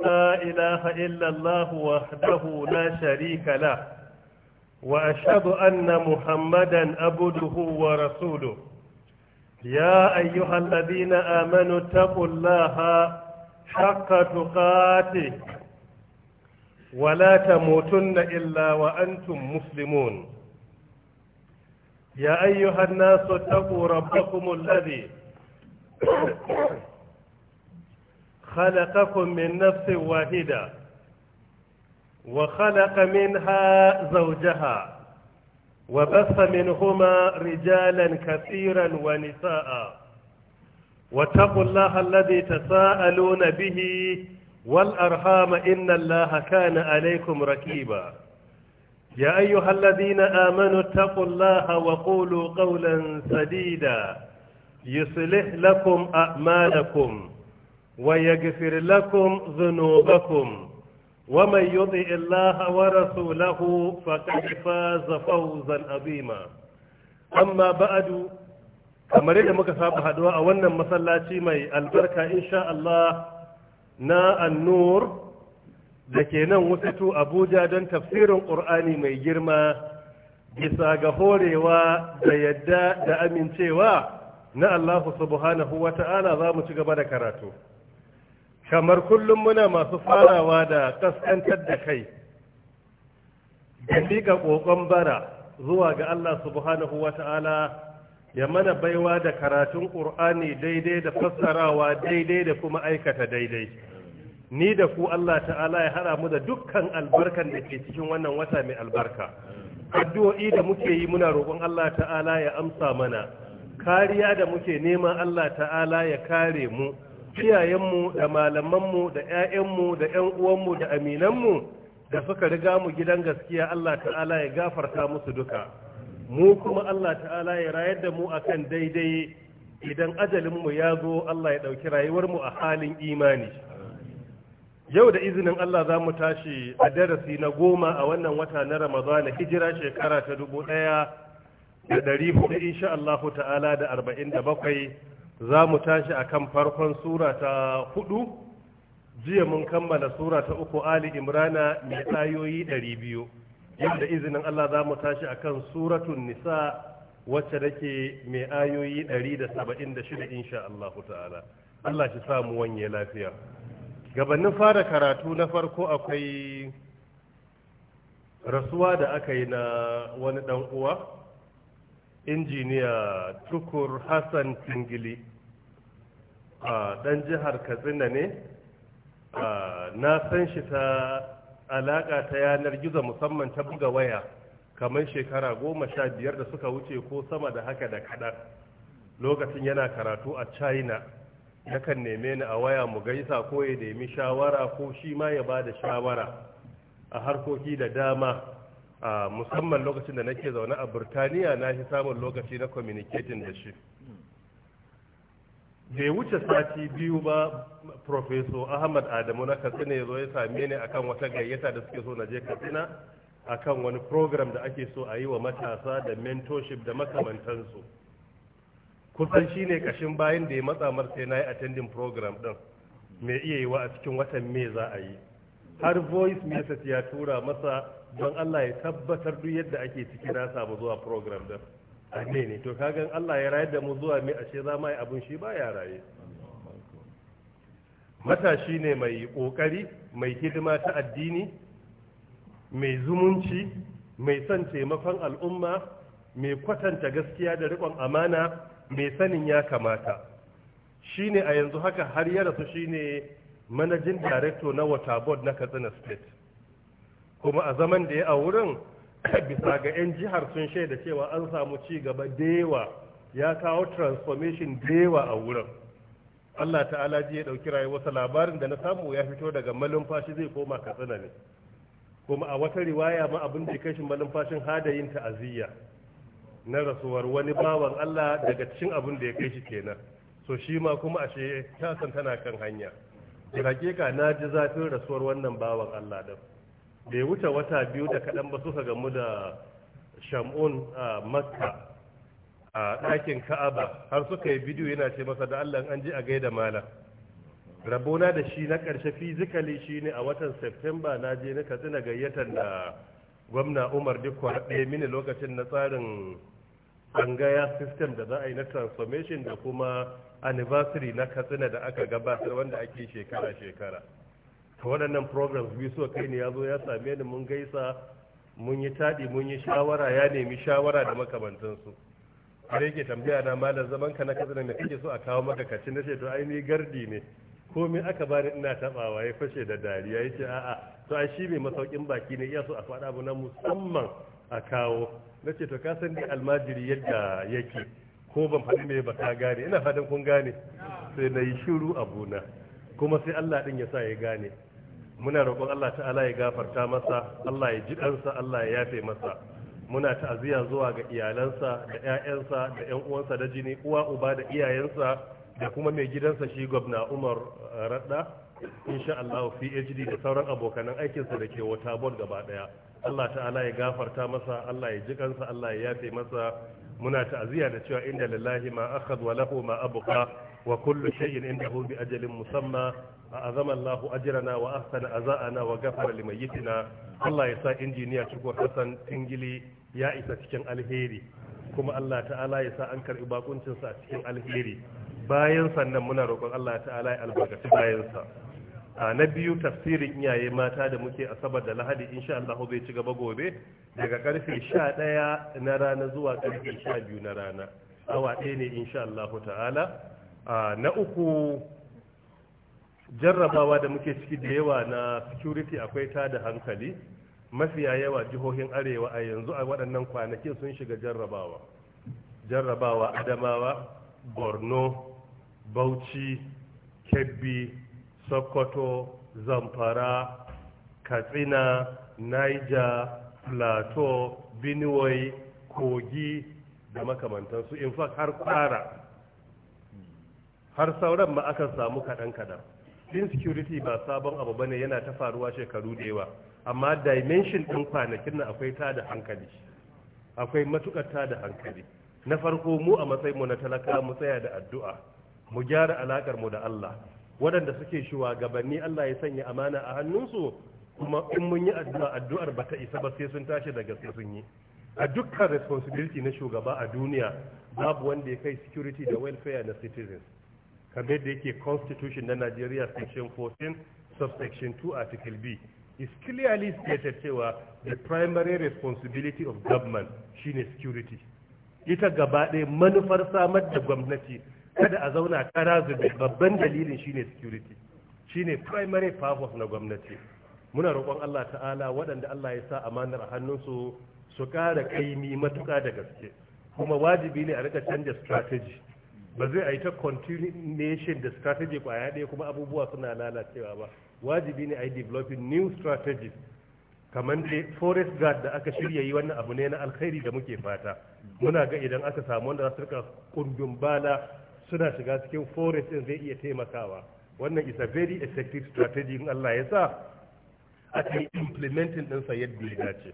Na'ilaha illallahu illallah na la la wa ashhadu anna muhammadan abduhu wa rasuluh ya ayyuhalladhina amanu taqullaha haqqa tuqati wa la tamutunna illa wa antum muslimun ya ayyuhan nasu taqu rabbakumul ladhi خلقكم من نفس واحدة وخلق منها زوجها وبث منهما رجالا كثيرا ونساء واتقوا الله الذي تساءلون به والأرحام إن الله كان عليكم ركيبا يا أيها الذين آمنوا اتقوا الله وقولوا قولا سديدا يصلح لكم أعمالكم ويغفر لكم ذنوبكم ومن يطع الله ورسوله فقد فاز فوزا عظيما أما بعد kamar yadda muka saba haduwa a wannan masallaci mai albarka insha Allah na annur da ke nan wututu Abuja don tafsirin Ƙur'ani mai girma bisa ga horewa da yadda da amincewa na Allah subhanahu wa ta'ala za mu ci gaba da karatu. kamar kullum muna masu farawa da kaskantar da kai da miƙa ƙoƙon bara zuwa ga Allah subhanahu wa ta'ala ya mana baiwa da karatun ƙur'ani daidai da fassarawa daidai da kuma aikata daidai ni da ku Allah ta'ala ya hada mu da dukkan albarkan da ke cikin wannan wata mai albarka addu'o'i da muke yi muna roƙon Allah ta'ala ya amsa mana kariya da muke neman Allah ta'ala ya kare mu iyayenmu da malamanmu da 'ya'yanmu da 'yan uwanmu da aminanmu da suka riga mu gidan gaskiya Allah ta'ala ya gafarta musu duka mu kuma Allah ta'ala ya rayar da mu akan daidai idan ajalinmu ya zo Allah ya ɗauki rayuwarmu a halin imani yau da izinin Allah za mu tashi a darasi na goma a wannan wata na Ramadana hijira shekara ta dubu ɗaya da ɗari hudu insha Allah ta'ala da arba'in da bakwai za mu tashi a kan farkon sura ta hudu jiya mun kammala sura ta uku ali imrana mai ayoyi ɗari biyu yadda izinin allah za mu tashi a kan suratun nisa wacce take mai ayoyi ɗari da saba'in da shida insha allah ta'ala allah shi samu wanye lafiya gabanin fara karatu na farko akwai rasuwa da aka yi na wani ɗan uwa injiniya tukur hassan tingili a ɗan jihar katsina ne na san shi ta alaƙa ta yanar gizo musamman ta buga waya kamar shekara goma sha biyar da suka wuce ko sama da haka da kaɗan lokacin yana karatu a china yakan neme ni a waya mu gaisa ko ya nemi shawara ko shi ma ya ba da shawara a harkoki da dama musamman lokacin da nake zaune a burtaniya na shi samun lokaci na communicating da shi bai wuce sati biyu ba profeso ahmad adamu na katsina ya zo ya same ni akan wata gayyata da suke so na je katsina akan wani program da ake so a yi wa matasa da mentorship da makamantansu kusan shi ne kashin bayan da ya matsa martai na yi attending program ɗin mai iya yi wa a cikin watan me za a yi har voice message ya tura masa don allah ya tabbatar duk yadda ake ciki na samu zuwa program ɗin ne to kagan Allah ya rayar da mu zuwa mai ashe za ma yi abin shi ba ya raye matashi ne mai ƙoƙari, mai hidima ta addini mai zumunci mai son taimakon al'umma mai kwatanta gaskiya da riƙon amana mai sanin ya kamata shine a yanzu haka har ya rasu shine manajin director na water board na katsina state kuma a zaman da ya a wurin bisa ga 'yan jihar sun shaida cewa an samu ci gaba dewa ya kawo transformation dewa a wurin Allah ta'ala ji ya ɗauki rayuwarsa labarin da na samu ya fito daga malumfashi zai koma katsina ne kuma a wata riwaya ma abin da kai shi malumfashin hadayin ta'aziyya na rasuwar wani bawan Allah daga cikin abin da ya kai shi kenan so shi ma kuma ashe tasan tana kan hanya da hakika na ji zafin rasuwar wannan bawan Allah din bai wuce wata biyu da kaɗan ba suka gamu da shamun a makka a ɗakin ka'aba har suka yi bidiyo yana ce masa da allah an ji a gaida malam rabona da shi na ƙarshe fizikali shi ne a watan september na je na katsina gayyatar da gwamna umar duk ɗaya mini lokacin na tsarin tsangaya system da za a yi na transformation da kuma anniversary na katsina da aka gabatar wanda ake shekara-shekara ta waɗannan programs biyu suka kai ne ya zo ya same ni mun gaisa mun yi taɗi mun yi shawara ya nemi shawara da makamantansu har yake tambaya na malam zaman ka na katsina da kake so a kawo maka kacin na ce to ai ni gardi ne komai aka bani ina tabawa ya fashe da dariya ya ce a'a to ai shi mai masaukin baki ne iya so a faɗa abu na musamman a kawo na ce to ka san ni almajiri yadda yake ko ban faɗi me ba ka gane ina fatan kun gane sai na yi shiru abuna kuma sai Allah ɗin ya sa ya gane muna roƙon Allah ta'ala ya gafarta masa Allah ya ji ɗansa Allah ya yafe masa muna ta'aziyya zuwa ga iyalansa da 'ya'yansa da 'yan uwansa da jini uwa uba da iyayensa da kuma mai gidansa shi gwamna Umar Radda insha Allah PhD da sauran abokanan aikinsa da ke wata bol gaba ɗaya. Allah ta'ala ya gafarta masa Allah ya ji kansa Allah ya yafe masa muna ta'aziyya da cewa inda lillahi ma akhadha wa lahu ma abqa wa kullu shay'in indahu bi ajalin musamma أعظم الله أجرنا وأحسن أزاءنا وغفر لميتنا الله يسا إنجينيا شكو حسن تنجلي يا إسا تكن الهيري كما الله تعالى يسا أنكر إباقون تنسا تكن الهيري bayan sannan muna roƙon Allah ta'ala ya albarkaci bayansa a na biyu tafsirin iyaye mata da muke asabar da lahadi insha Allah zai ci gaba gobe daga karfe 11 na rana zuwa karfe 12 na rana awa ɗaya ne insha Allah ta'ala na uku jarrabawa da muke ciki da yawa na security akwai ta da hankali mafiya yawa jihohin arewa a yanzu a waɗannan kwanaki sun shiga jarrabawa jarrabawa adamawa borno bauchi kebbi sokoto zamfara katsina niger plateau benue kogi da makamantansu in fact har kwara har sauran ma aka samu kaɗan-kaɗan insecurity ba sabon abu bane yana ta faruwa shekaru da yawa amma dimension ɗin kwanakin nan akwai ta da hankali akwai matukar ta da hankali na farko mu a matsayin mu na talaka mu tsaya da addu'a mu gyara alakar mu da Allah waɗanda suke gabanni Allah ya sanya amana a hannunsu kuma in mun yi addu'a addu'ar ba ta isa ba sai sun tashi daga gaske sun yi a dukkan responsibility na shugaba a duniya babu wanda ya kai security da welfare na citizens kamar da yake constitution na Najeriya section 14 subsection 2 article B is clearly stated cewa the primary responsibility of government shine security ita gaba ɗaya manufar samar da gwamnati kada a zauna kara zube babban dalilin shine security shine primary purpose na gwamnati muna roƙon Allah ta'ala waɗanda Allah ya sa amanar a hannunsu su ƙara kaimi matuƙa da gaske kuma wajibi ne a rika canja strategy ba zai a yi ta continuation da strategy a ɗaya kuma abubuwa suna lalacewa ba wajibi ne a yi developing new strategies kamar da forest guard da aka shirya yi wannan abu ne na alkhairi da muke fata muna ga idan aka samu wanda za su rika kundin bala suna shiga cikin forest din zai iya taimakawa wannan is a very effective strategy in Allah ya sa a ce implementing ɗinsa yadda ya dace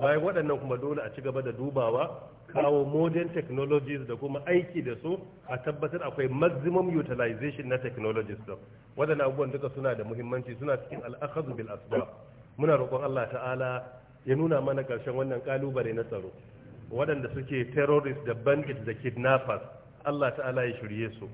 bayan waɗannan kuma dole a ci gaba da dubawa kawo modern technologies da kuma aiki da su a tabbatar akwai maximum utilization na technologies din waɗannan abubuwan duka suna da muhimmanci suna cikin al'akhadhu bil asbab muna roƙon Allah ta'ala ya nuna mana ƙarshen wannan kalubale na tsaro waɗanda suke terrorists da bandit da kidnappers Allah ta'ala ya shirye su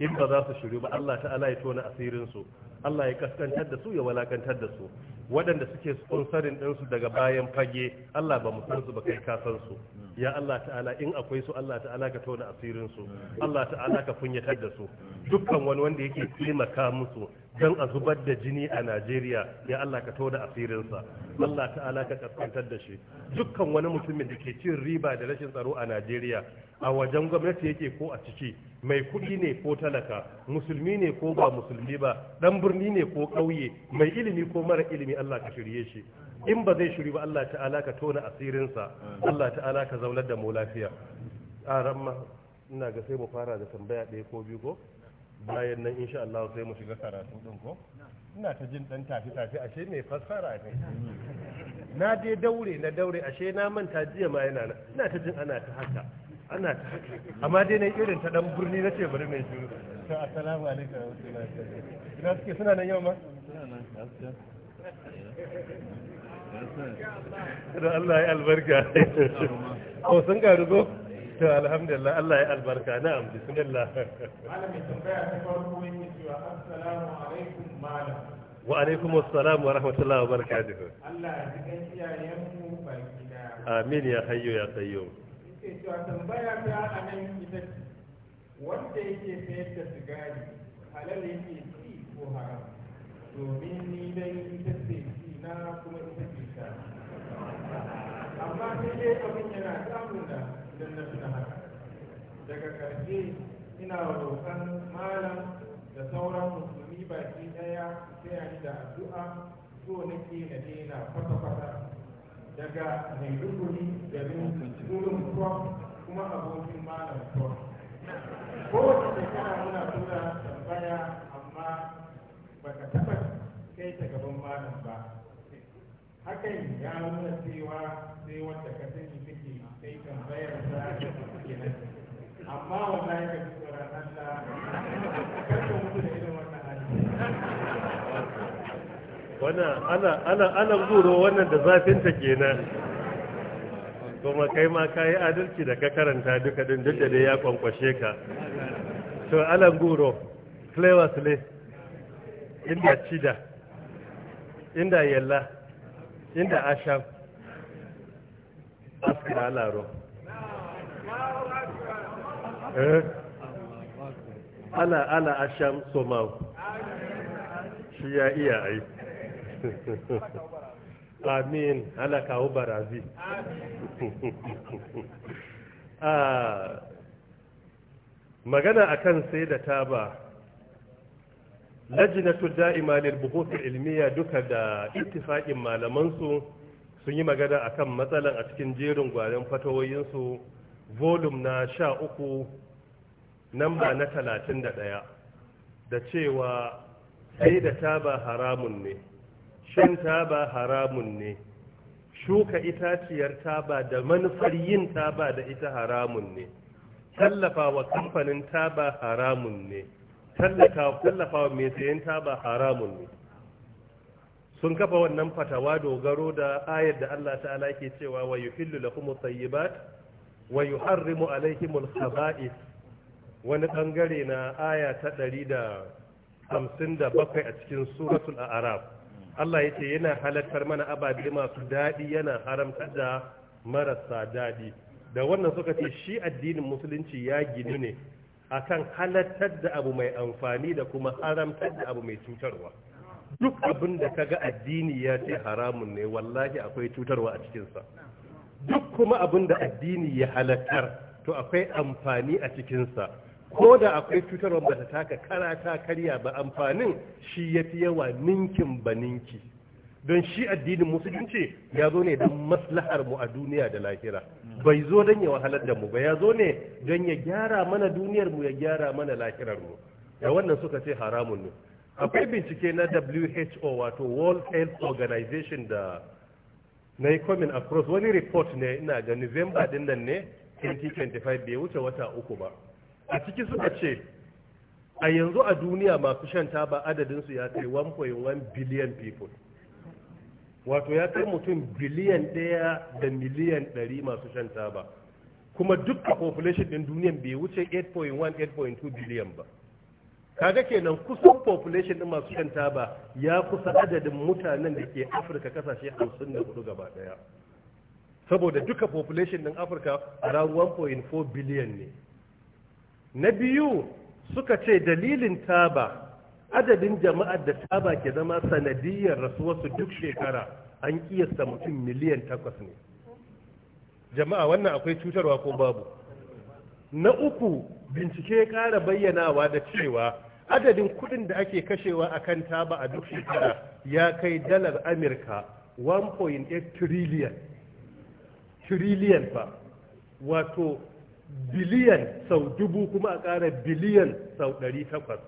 in ba za su shiryu ba Allah ta'ala ya tona asirin su Allah ya kaskantar da su ya walakantar da su waɗanda suke sponsorin ɗinsu daga bayan fage Allah ba mu san su ba kai ka san su ya Allah ta'ala in akwai su Allah ta'ala ka tona asirin su Allah ta'ala ka kunyatar da su dukkan wani wanda yake taimaka musu don a zubar da jini a Najeriya ya Allah ka da asirinsa Allah ta'ala ka kaskantar da shi dukkan wani mutumin da ke cin riba da rashin tsaro a Najeriya a wajen gwamnati yake ko a ciki mai kuɗi ne ko talaka musulmi ne ko ba musulmi ba dan birni ne ko ƙauye mai ilimi ko mara ilimi Allah ka shirye shi in ba zai shiri ba Allah ta'ala ka tona asirinsa Allah ta'ala ka zaunar da mu lafiya a ramma ina ga sai mu fara da tambaya ɗaya ko biyu ko bayan nan insha Allah sai mu shiga karatu din ko ina ta jin dan tafi tafi ashe mai fassara ne na je daure na daure ashe na manta jiya ma yana na ina ta jin ana ta haka ana ta haka amma dai nan irin ta dan burni na ce bari mai shiru to assalamu alaikum warahmatullahi wabarakatuh ina suke suna nan yau ma suna nan da Allah ya albarka. Hausan garugo? to alhamdulillah Allah ya albarka na'am bismillah malami tambaya ta farko yake cewa assalamu alaikum malam wa alaikum assalam wa rahmatullahi wa barakatuh Allah ya jikan iyayenmu amin ya hayyu ya qayyum yake cewa tambaya ta anan ita wanda yake sayar da sigari halal yake ci ko haram domin ni dai ita ce na kuma ita ce amma sai dai abin yana samun da daga karshe ina roƙon malam da sauran musulmi baki ɗaya su ni da addu'a so nake na daina kwata-kwata daga mai maiduguri da gurin kwan kuma abokin malam Ko wata shekara muna tura tambaya amma baka taɓa kai ta gaban malam ba hakan ya nuna cewa sai wanda ka sani kake kai tambayar da ke nan amma wallahi ka ji tsoron Allah karka mutu da irin wannan hali wannan ana ana ana guro wannan da zafin ta kenan kuma kai ma ka yi adalci da ka karanta duka din duk da dai ya kwankwashe ka to alan guro flavors ne inda cida inda yalla inda asham askara laro Eh? ana ana asham somau shi ya iya ai amin ala kawo barazi ah, magana akan sai da taba lajinatu da'ima lil buhuth ilmiya duka da ittifaqin malaman su sun yi magana akan matsalan a cikin jerin gwaren fatawoyin su volume na sha uku namba na talatin da ɗaya da cewa sai da taba haramun ne shan taba haramun ne shuka itaciyar taba da manufar yin taba da ita haramun ne tallafa wa kamfanin taba haramun ne tallafa wa mai sayan taba haramun ne sun kafa wannan fatawa dogaro da ayar da Allah ta'ala ke cewa wa yuhillu lakum tayyibat wa yuharrimu alaihimul khaba'ith wani bangare na aya ta 157 a cikin suratul a'raf Allah yace yana halartar mana ababe masu dadi yana haramta da marasa dadi da wannan suka ce shi addinin musulunci ya ginu ne akan halattar da abu mai amfani da kuma haramtar da abu mai cutarwa duk abin da kaga addini ya ce haramun ne wallahi akwai cutarwa a cikinsa duk kuma abin da addini ya halattar to akwai amfani a cikinsa ko da akwai cutarwa wanda ta taka kara ta karya ba amfanin shi ya fi yawa ninkin ba ninki don shi addinin musulunci ya zo ne don maslahar mu a duniya da lahira bai zo don ya wahalar da mu ba ya zo ne don ya gyara mana duniyar mu ya gyara mana lahirar mu da wannan suka ce haramun ne akwai bincike na WHO wato World Health Organization da na yi komin across wani report ne ina ga november din nan ne 2025 bai wuce wata uku ba a ciki suka ce a yanzu a duniya masu shan taba adadinsu ya kai 1.1 billion people wato ya kai mutum biliyan ɗaya da miliyan ɗari masu shan taba kuma duk a population ɗin duniya bai wuce 8.1 8.2 billion ba kaga kenan kusan population din masu shan taba ya kusa adadin mutanen da ke afirka kasashe 54 gaba daya saboda duka population din afirka around 1.4 billion ne na biyu suka ce dalilin taba adadin jama'ar da taba ke zama sanadiyar su duk shekara an kiyasta mutum miliyan takwas ne jama'a wannan akwai cutarwa ko babu na uku bincike ya ƙara bayyanawa da cewa adadin kudin da ake kashewa a kan taba a duk shekara ya kai dalar amurka 1.8 trillion trillion fa wato biliyan sau dubu kuma a ƙara biliyan sau 800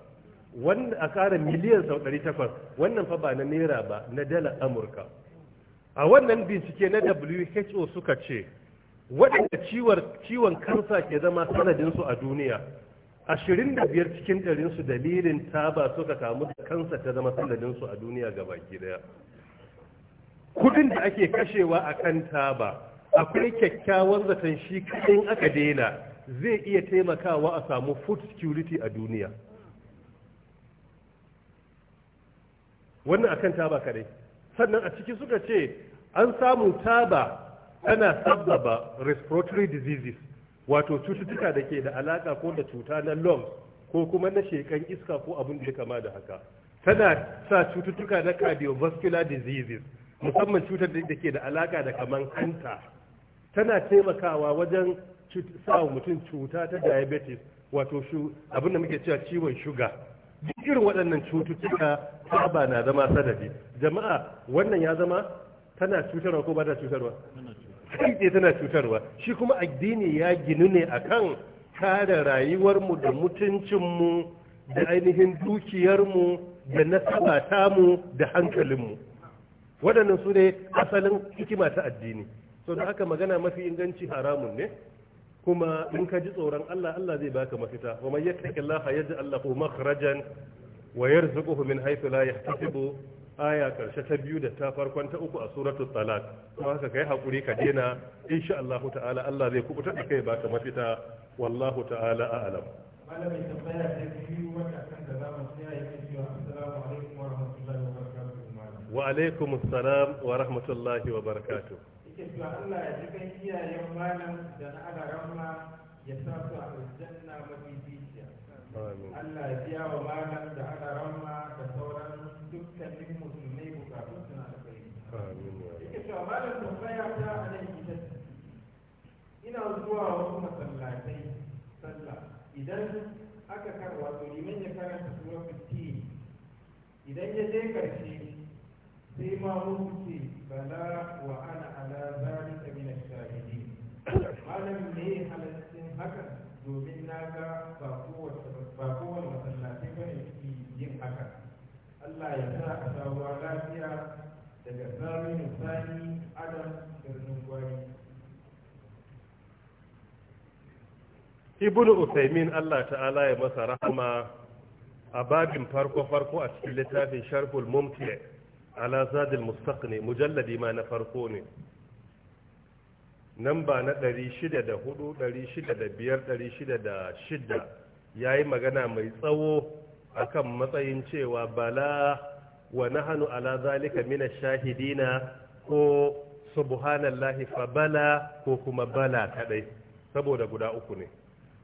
wanda a ƙara miliyan sau 800 wannan fa ba na naira ba na dalar amurka a wannan bincike na who suka ce waɗanda ciwon kansa ke zama sanadinsu a duniya ashirin da biyar cikin ɗarinsu dalilin taba suka kamu da kansa ta zama sanadinsu a duniya ga baki daya kudin da ake kashewa a kan taba akwai kyakkyawan zaton shi kaɗin aka daina zai iya taimakawa a samu food security a duniya wannan akan taba kadai sannan a ciki suka ce an samu taba tana sabbaba respiratory diseases wato cututtuka da ke da alaka ko da cuta na long ko kuma na shekan iska ko abin da kama da haka tana sa cututtuka na cardiovascular diseases musamman cutar da ke da alaka da kaman hanta tana taimakawa wajen sa mutum cuta ta diabetes wato abin da muke cewa ciwon shuga duk irin waɗannan cututtuka ba na zama sanadi jama'a wannan ya zama tana cutarwa ko ba ta cutarwa kai tana cutarwa shi kuma addini ya ginu ne akan kare rayuwarmu da mutuncinmu da ainihin dukiyarmu da nasaba mu da hankalinmu waɗannan su ne asalin hikima ta addini to da haka magana mafi inganci haramun ne kuma in ka ji tsoron Allah Allah zai baka mafita wa man yattaqillaha yaj'al lahu makhrajan wa yarzuquhu min haythu la yahtasibu aya karshe ta biyu da ta farkon ta uku a suratul salat kuma haka kai hakuri ka dena insha Allah ta'ala Allah zai kubuta da kai baka mafita wallahu ta'ala a'lam malamin tambaya ta biyu wata kan da zamu tsaya yake cewa assalamu alaikum wa rahmatullahi wa barakatuh wa alaikum assalam wa rahmatullahi wa barakatuh yake cewa Allah ya ji kan iyayen malam da na agaramma ya sa su a aljanna mafi Allah ya biya wa malam da agaramma da sauran dukkanin musulmai bukatun suna da kai yake cewa malam tambaya ta a nan ita ina zuwa wasu masallatai sallah idan aka karwa to liman ya karanta sura 15 idan ya je karshe sai ma mun ce bala wa ana ala zalika min ash-shahidin malam me halaccin haka domin na ga ba dawowa lafiya daga tsarin sani adam birnin gwari Ibn usaimin allah ta'ala ya masa rahama a babin farko-farko a cikin littafin sharhul mumtiya ala zadil mustaqni mujalladi ma na farko ne nan ba na 604 605 606 ya yi magana mai tsawo akan matsayin cewa bala wa nahanu ala zalika min ash-shahidina ko subhanallahi fa bala ko kuma bala kadai saboda guda uku ne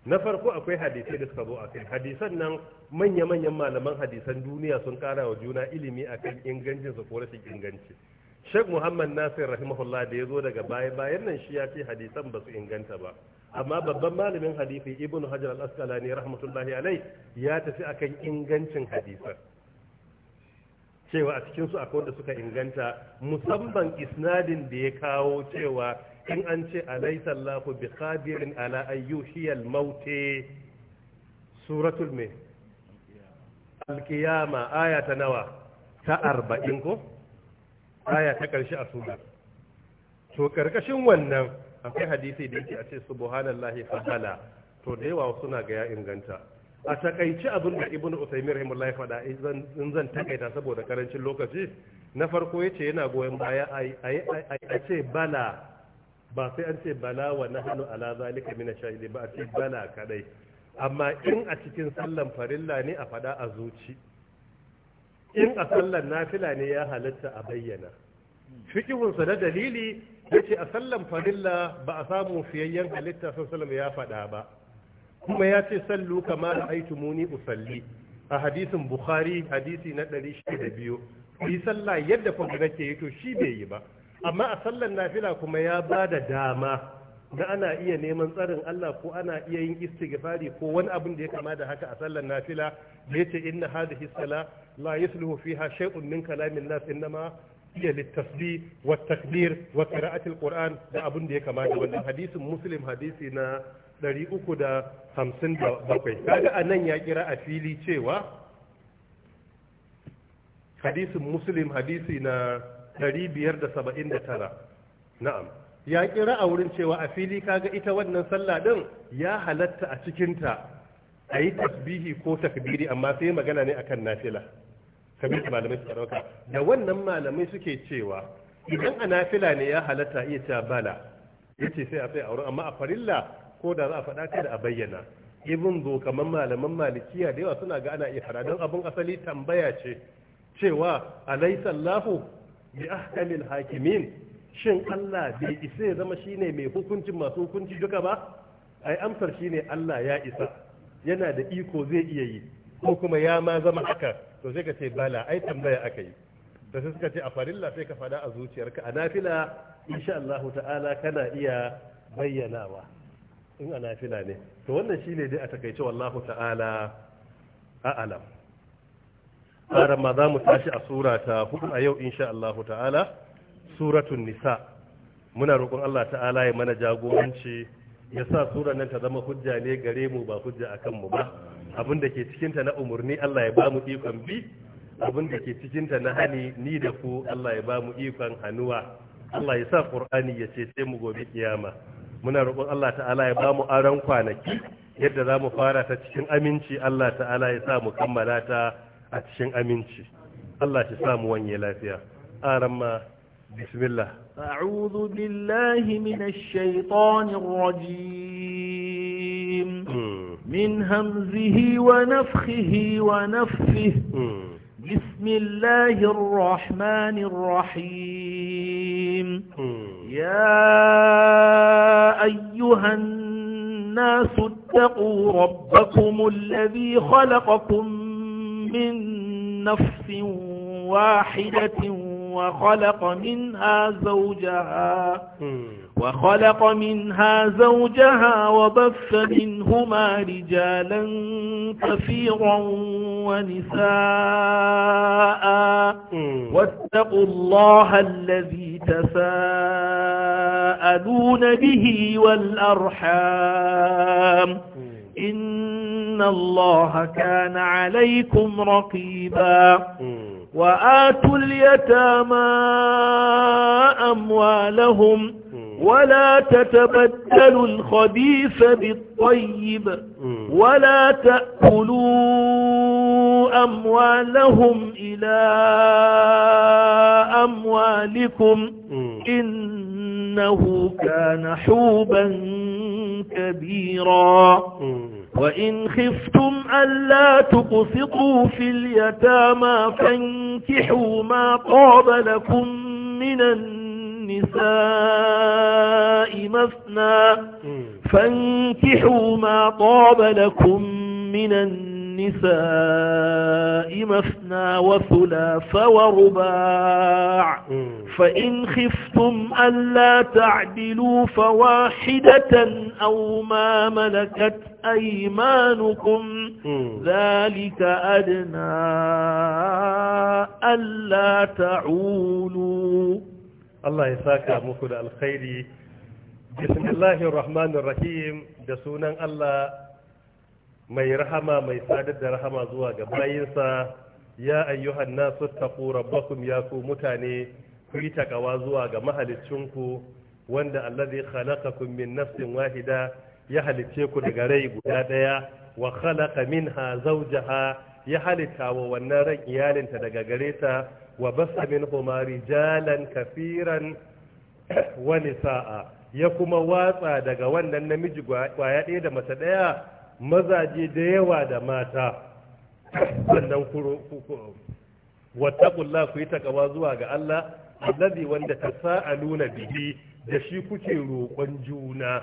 na farko akwai hadisai da suka zo a kai hadisan nan manya-manyan malaman hadisan duniya sun kara wa juna ilimi akan kan ingancin su ko rashin inganci Sheikh Muhammad Nasir rahimahullah da ya zo daga baya bayan nan shi ya ce hadisan ba su inganta ba amma babban malamin hadisi Ibn Hajar al-Asqalani rahmatullahi alai ya tafi akan ingancin hadisan cewa a cikin su akwai wanda suka inganta musamman isnadin da ya kawo cewa in an ce alaysa Allahu bi qadirin ala ayyuhiyal maute suratul mai alkiyama aya ta nawa ta arba'in ko aya ta ƙarshe a sura to ƙarƙashin wannan akwai hadisi da yake a ce subhanallahi fahala to da yawa suna ga ya inganta a takaici abin da ibnu usaimin ya faɗa eh, in zan takaita saboda karancin lokaci na farko yace yana goyon baya a ce bala ba sai an ce bala wa nahnu ala zalika min shahidi ba a ce bala kadai amma in a cikin sallan farilla ne a faɗa a zuci in a sallan nafila ne ya halatta a bayyana fikihunsa na dalili yace a sallan farilla ba a samu fiyayyen halitta sun ya faɗa ba kuma ya ce sallu kama da aitumuni usalli a hadisin bukhari hadisi na 602 yi sallah yadda fa nake yi to shi bai yi ba amma a sallan nafila kuma ya ba da dama da ana iya neman tsarin Allah ko ana iya yin istighfari ko wani abin da ya kama da haka a sallan nafila da yace inna hadhihi sala la yasluhu fiha shay'un min kalamin nas innama hiya litasbih wa takbir wa qira'ati alquran da abin da ya kama da hadisin muslim hadisi na 357 kaga a nan ya kira a fili cewa hadisin muslim hadisi na 579 na'am ya kira a wurin cewa a fili kaga ita wannan sallah din ya halatta a cikinta a yi tasbihi ko takbiri amma sai magana ne akan nafila kamar malamai suka dauka da wannan malamai suke cewa idan a nafila ne ya halatta iya ta bala yace sai a a wurin amma a farilla ko da za a faɗa kada a bayyana ibn zo kamar malaman malikiya da yawa suna ga ana iya fara don abin asali tambaya ce cewa alaysa allahu bi ahkamil hakimin shin allah bai isa ya zama shine mai hukuncin masu hukunci duka ba ai amsar shine allah ya isa yana da iko zai iya yi ko kuma ya ma zama haka to sai ka ce bala ai tambaya aka yi da sai suka ce a farilla sai ka faɗa a zuciyarka a nafila insha allahu ta'ala kana iya bayyanawa in a nafila ne to wannan shine dai a takaice wallahu ta'ala a'lam har ma za mu tashi a sura ta hudu a yau insha Allah ta'ala suratun nisa muna roƙon Allah ta'ala ya mana jagoranci ya sa suran nan ta zama hujja ne gare mu ba hujja akan mu ba abin da ke cikin ta na umurni Allah ya ba mu ikon bi abin da ke cikin ta na hani ni da ku Allah ya ba mu ikon hanuwa Allah ya sa Qur'ani ya ce mu gobe kiyama muna roƙon Allah ta'ala ya bamu aron kwanaki yadda za mu fara ta cikin aminci Allah ta'ala ya sa mu kammala ta a cikin aminci Allah shi sa mu wanye lafiya aran ma bismillah a'udhu billahi minash shaitanir rajim hmm. min hamzihi wa nafthihi wa nafthihi بسم الله الرحمن الرحيم يا أيها الناس اتقوا ربكم الذي خلقكم من نفس واحدة وخلق منها زوجها وخلق منها زوجها وبث منهما رجالا كثيرا ونساء واتقوا الله الذي تساءلون به والأرحام إن الله كان عليكم رقيبا وآتوا اليتامى أموالهم ولا تتبدلوا الخبيث بالطيب ولا تأكلوا أموالهم إلى أموالكم إنه كان حوبا كبيرا وإن خفتم ألا تقسطوا في اليتامى فانكحوا ما طاب لكم من النساء مثنى فانكحوا ما طاب لكم من النساء النساء مثنى وثلاث ورباع فإن خفتم ألا تعدلوا فواحدة أو ما ملكت أيمانكم ذلك أدنى ألا تعولوا الله يساك مكل الخير بسم الله الرحمن الرحيم دسونا الله mai rahama mai sadar da rahama zuwa ga bayinsa ya ayyuhan nasu taku rabbakum ya ku mutane ku yi takawa zuwa ga mahaliccinku wanda allazi khalaqakum min nafsin wahida ya halicce ku daga rai guda daya wa khalaqa minha zawjaha ya halitta wa wannan ran iyalinta daga gare ta wa basa minhuma rijalan kafiran wani sa'a. ya kuma watsa daga wannan namiji kwaya ɗaya da mace ɗaya mazaje da yawa da mata sannan wattaqulla ku yi takawa zuwa ga Allah allazi wanda ta nuna bihi da shi kuke roƙon juna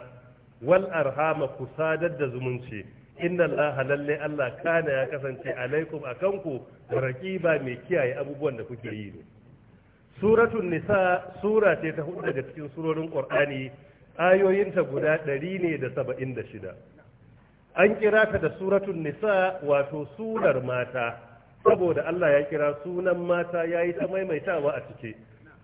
wal arhama ku sadar da zumunci inna laha lalle Allah kana ya kasance alaikum a kanku, akanku raqiba mai kiyaye abubuwan da kuke yi ne suratul nisa sura ce ta hudu daga cikin surorin qur'ani ayoyinta guda ɗari ne da saba'in da shida an kira ta da suratun nisa wato sunar mata saboda Allah ya kira sunan mata ya yi ta maimaitawa a cike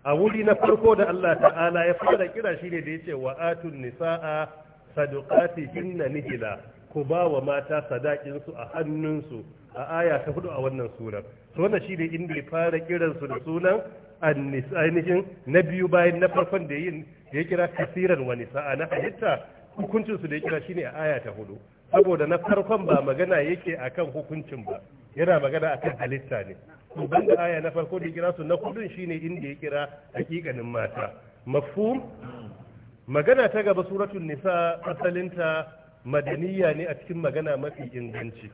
a wuri na farko da Allah ta'ala ya fara kira shi ne da ya ce wa atun nisa'a sadukati hinna nihila ku ba wa mata sadakinsu a hannunsu a aya ta hudu a wannan surar to wannan shi ne inda ya fara kiransu da sunan ainihin na biyu bayan na farkon da ya kira kasiran wani sa'a na halitta hukuncinsu da ya kira shi ne a aya ta hudu saboda na farkon ba magana yake akan hukuncin ba yana magana akan halitta ne to da aya na farko da kira su na kudin shine inda ya kira hakikanin mata mafhum magana ta gaba suratul nisa asalinta madaniya ne a cikin magana mafi inganci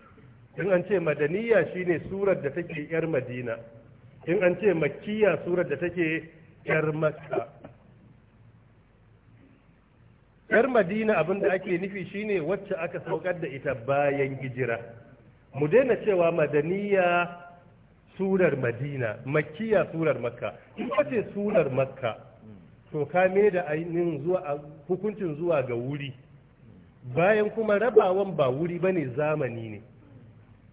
in an ce madaniya shine surar da take yar madina in an ce makkiya surar da take yar makka yar madina abin da ake nufi shine wacce aka saukar da ita bayan hijira mu daina cewa madaniya surar madina makkiya surar makka in ce surar makka to ka da ainihin zuwa hukuncin zuwa ga wuri bayan kuma rabawan ba wuri ba ne zamani ne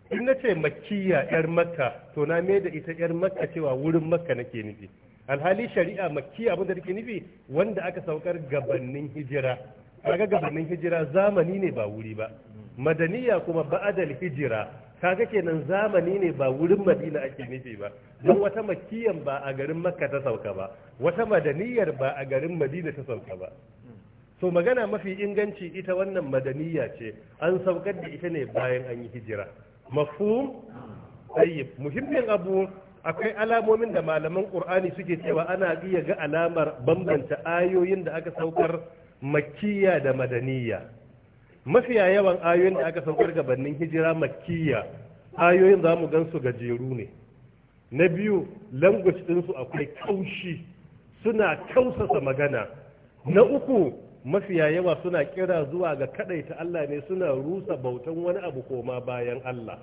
in na ce makkiya yar makka to na da ita yar makka cewa wurin makka nake nufi alhali shari'a makki abin da take nufi wanda aka saukar gabanin hijira kaga gabanin hijira zamani ne ba wuri ba madaniya kuma ba'adal hijira kaga kenan zamani ne ba wurin madina ake nufi ba don wata makkiyan ba a garin makka ta sauka ba wata madaniyar ba a garin madina ta sauka ba to magana mafi inganci ita wannan madaniya ce an saukar da ita ne bayan an yi hijira mafhum tayyib muhimmin abu akwai alamomin da malaman ƙur'ani suke cewa ana iya ga alamar bambanta ayoyin da aka saukar makkiya da madaniya mafiya yawan ayoyin da aka saukar gabanin hijira makkiya ayoyin za mu gan su gajeru ne na biyu language ɗinsu akwai kaushi suna kausasa magana na uku mafiya yawa suna kira zuwa ga kadaita Allah ne suna rusa bautan wani abu koma bayan Allah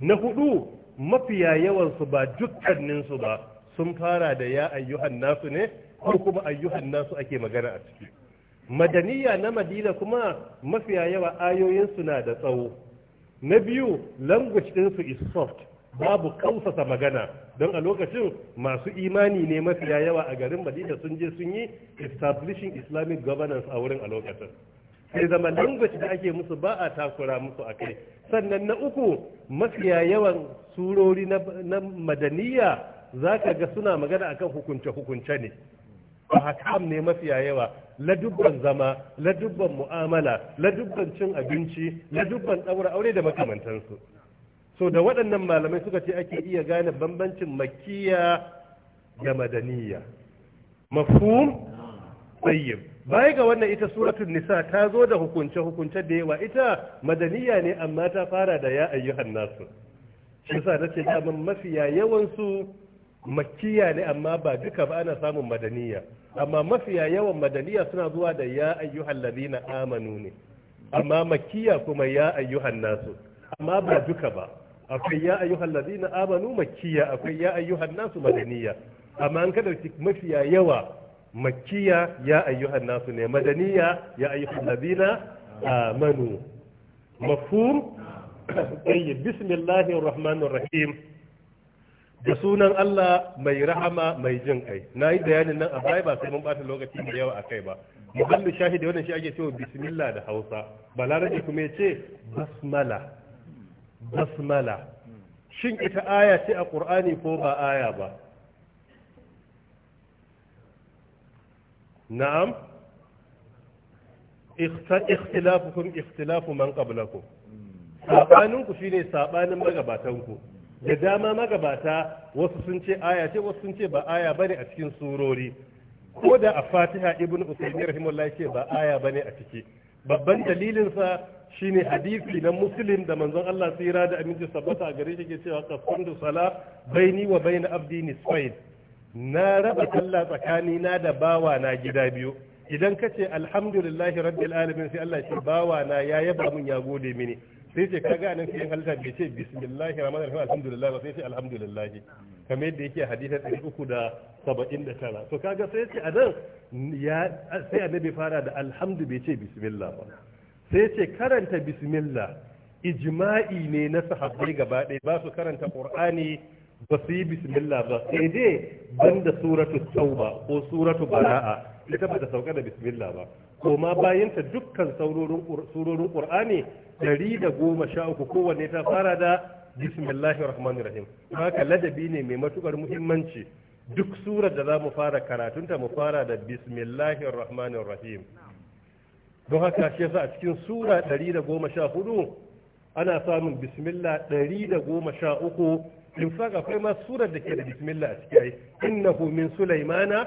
na hudu mafiya yawansu ba dukkaninsu ba sun fara da ya ayyuhan nasu ne ko kuma ayyuhan nasu ake magana a ciki madaniya na madina kuma mafiya yawa ayoyinsu na da tsawo na biyu language ɗinsu is soft babu kausasa magana don a lokacin masu imani ne mafiya yawa a garin madina sun je sun yi establishing islamic governance a wurin a lokacin sai zama language da ake musu ba a takura musu a kai sannan na uku mafiya yawan surori na madaniya za ka ga suna magana akan hukunce-hukunce ne ahkam ne mafiya yawa ladubban zama ladubban mu'amala ladubban cin abinci ladubban ɗaura aure da makamantansu so da waɗannan malamai suka ce ake iya gane bambancin makiya da madaniya mafhum tsayyib bai ga wannan ita suratul nisa ta zo da hukunce hukunce da yawa ita madaniya ne amma ta fara da ya ayyuhan nasu shi yasa nace mun mafiya yawan su makkiya ne amma ba duka ba ana samun madaniya amma mafiya yawan madaniya suna zuwa da ya ayyuhan ladina amanu ne amma makkiya kuma ya ayyuhan nasu amma ba duka ba akwai ya ayyuhan ladina amanu makkiya akwai ya ayyuhan nasu madaniya amma an ka dauki mafiya yawa makkiya ya ayyuhan nasu ne madaniya ya ayyuhan ladina amanu mafhum tayyib bismillahir rahmanir rahim da sunan Allah mai rahama mai jin kai na yi bayanin nan a baya ba sai mun bata lokaci da yawa a kai ba muhallu shahidi wannan shi ake cewa bismillah da hausa balarabe kuma ya ce basmala basmala shin ita aya ce a qur'ani ko ba aya ba na'am ikhtilafukum ikhtilafu man qablakum sabanin ku shine sabanin magabatan da dama magabata wasu sun ce aya ce wasu sun ce ba aya bane a cikin surori ko da a Fatiha ibn Usaymin rahimahullah ce ba aya bane a ciki babban dalilin sa shine hadisi na Muslim da manzon Allah tsira da aminci sabbata a gare shi ke cewa qasamtu sala baini wa baina abdi nisfain na raba sallah tsakani na da bawa na gida biyu idan ka ce alhamdulillah rabbil alamin sai Allah ce bawa na ya yaba mun ya gode mini sai ce ga nan sai halitta bai ce bismillah rahman rahim alhamdulillah sai ce alhamdulillah kamar yadda yake hadisi 379 to kaga sai ce adan ya sai annabi fara da alhamdu bai ce bismillah ba sai ce karanta bismillah ijma'i ne na sahabbai gaba ɗaya ba su karanta qur'ani ba su yi bismillah ba sai dai banda suratu tauba ko suratu bara'a ita ba ta sauka da bismillah ba koma bayanta dukkan surorin qur'ani 113 kowanne ta fara da bismillahir rahmanir rahim haka ladabi ne mai matukar muhimmanci duk surar da za mu fara karatunta mu fara da bismillahir rahmanir rahim don haka shi yasa a cikin sura 114 ana samun bismillah 113 in fact akwai ma surar da ke da bismillah a ciki innahu min sulaimana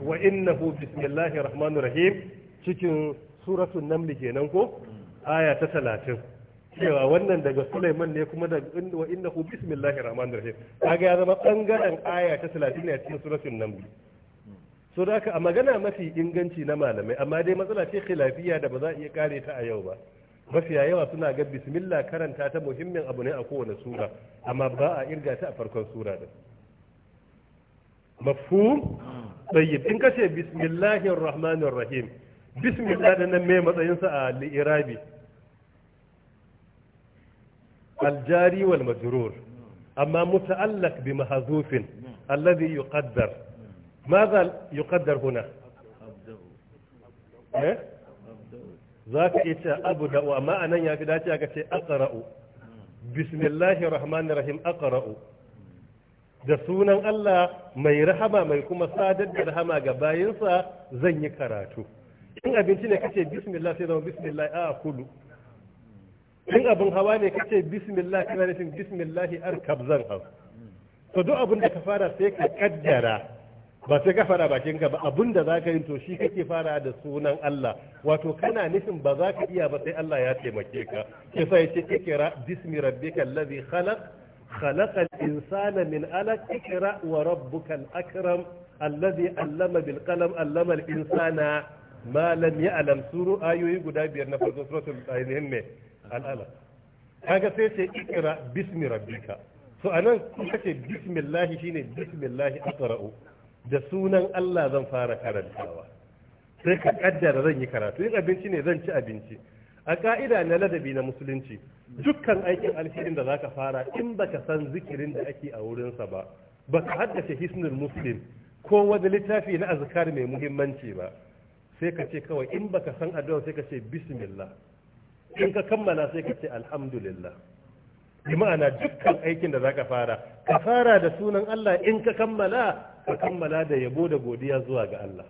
wa innahu bismillahir rahmanir rahim cikin suratul naml kenan ko aya ta 30 cewa wannan daga Sulaiman ne kuma da wa innahu bismillahir rahmanir rahim kaga ya zama bangaren aya ta 30 ne a cikin suratul naml so da haka a magana mafi inganci na malamai amma dai matsala ce khilafiya da ba za a iya kare ta a yau ba mafiya yawa suna ga bismillah karanta ta muhimmin abu ne a kowane sura amma ba a irga ta a farkon sura da mafhum tayyib in ce bismillahir rahmanir rahim bismillah da nan me matsayin sa a li'irabi aljari wal majrur amma muta'allaq bi mahzufin alladhi yuqaddar ماذا يقدر هنا؟ za ka iya ce abu da wa ma'anan ya fi dace ka ce aqra'u bismillahir rahmanir rahim aqra'u da sunan Allah mai rahama mai kuma sadar da rahama ga bayinsa zan yi karatu in abinci ne kace bismillah sai zama bismillah a kulu in abin hawa ne kace bismillah kana nufin bismillah arkab zan hau to duk abin da ka fara sai ka kaddara ba sai ka fara bakin ka ba abin da za ka yi to shi kake fara da sunan Allah wato kana nufin ba za ka iya ba sai Allah ya taimake ka ke sa yace ikra bismi rabbikal ladhi khalaq khalaqal insana min alaq ikra wa rabbukal akram alladhi allama bil qalam allama al insana ma lam ya'lam suru ayoyi guda biyar na farko suratul ainihin ne al alaq kaga sai ce ikra bismi rabbika to anan kuka ce bismillah shine bismillah aqra'u da sunan Allah zan fara karantawa sai ka kaddara zan yi karatu in abinci ne zan ci abinci a ka'ida na ladabi na musulunci dukkan aikin alherin da za ka fara in baka san zikirin da ake a wurinsa ba baka haddace hisnul muslim ko wani littafi na azkar mai muhimmanci ba sai ka ce kawai in baka san addu'a sai ka ce bismillah in ka kammala sai ka ce alhamdulillah bi ma'ana dukkan aikin da zaka fara ka fara da sunan Allah in ka kammala ka kammala da yabo da godiya zuwa ga Allah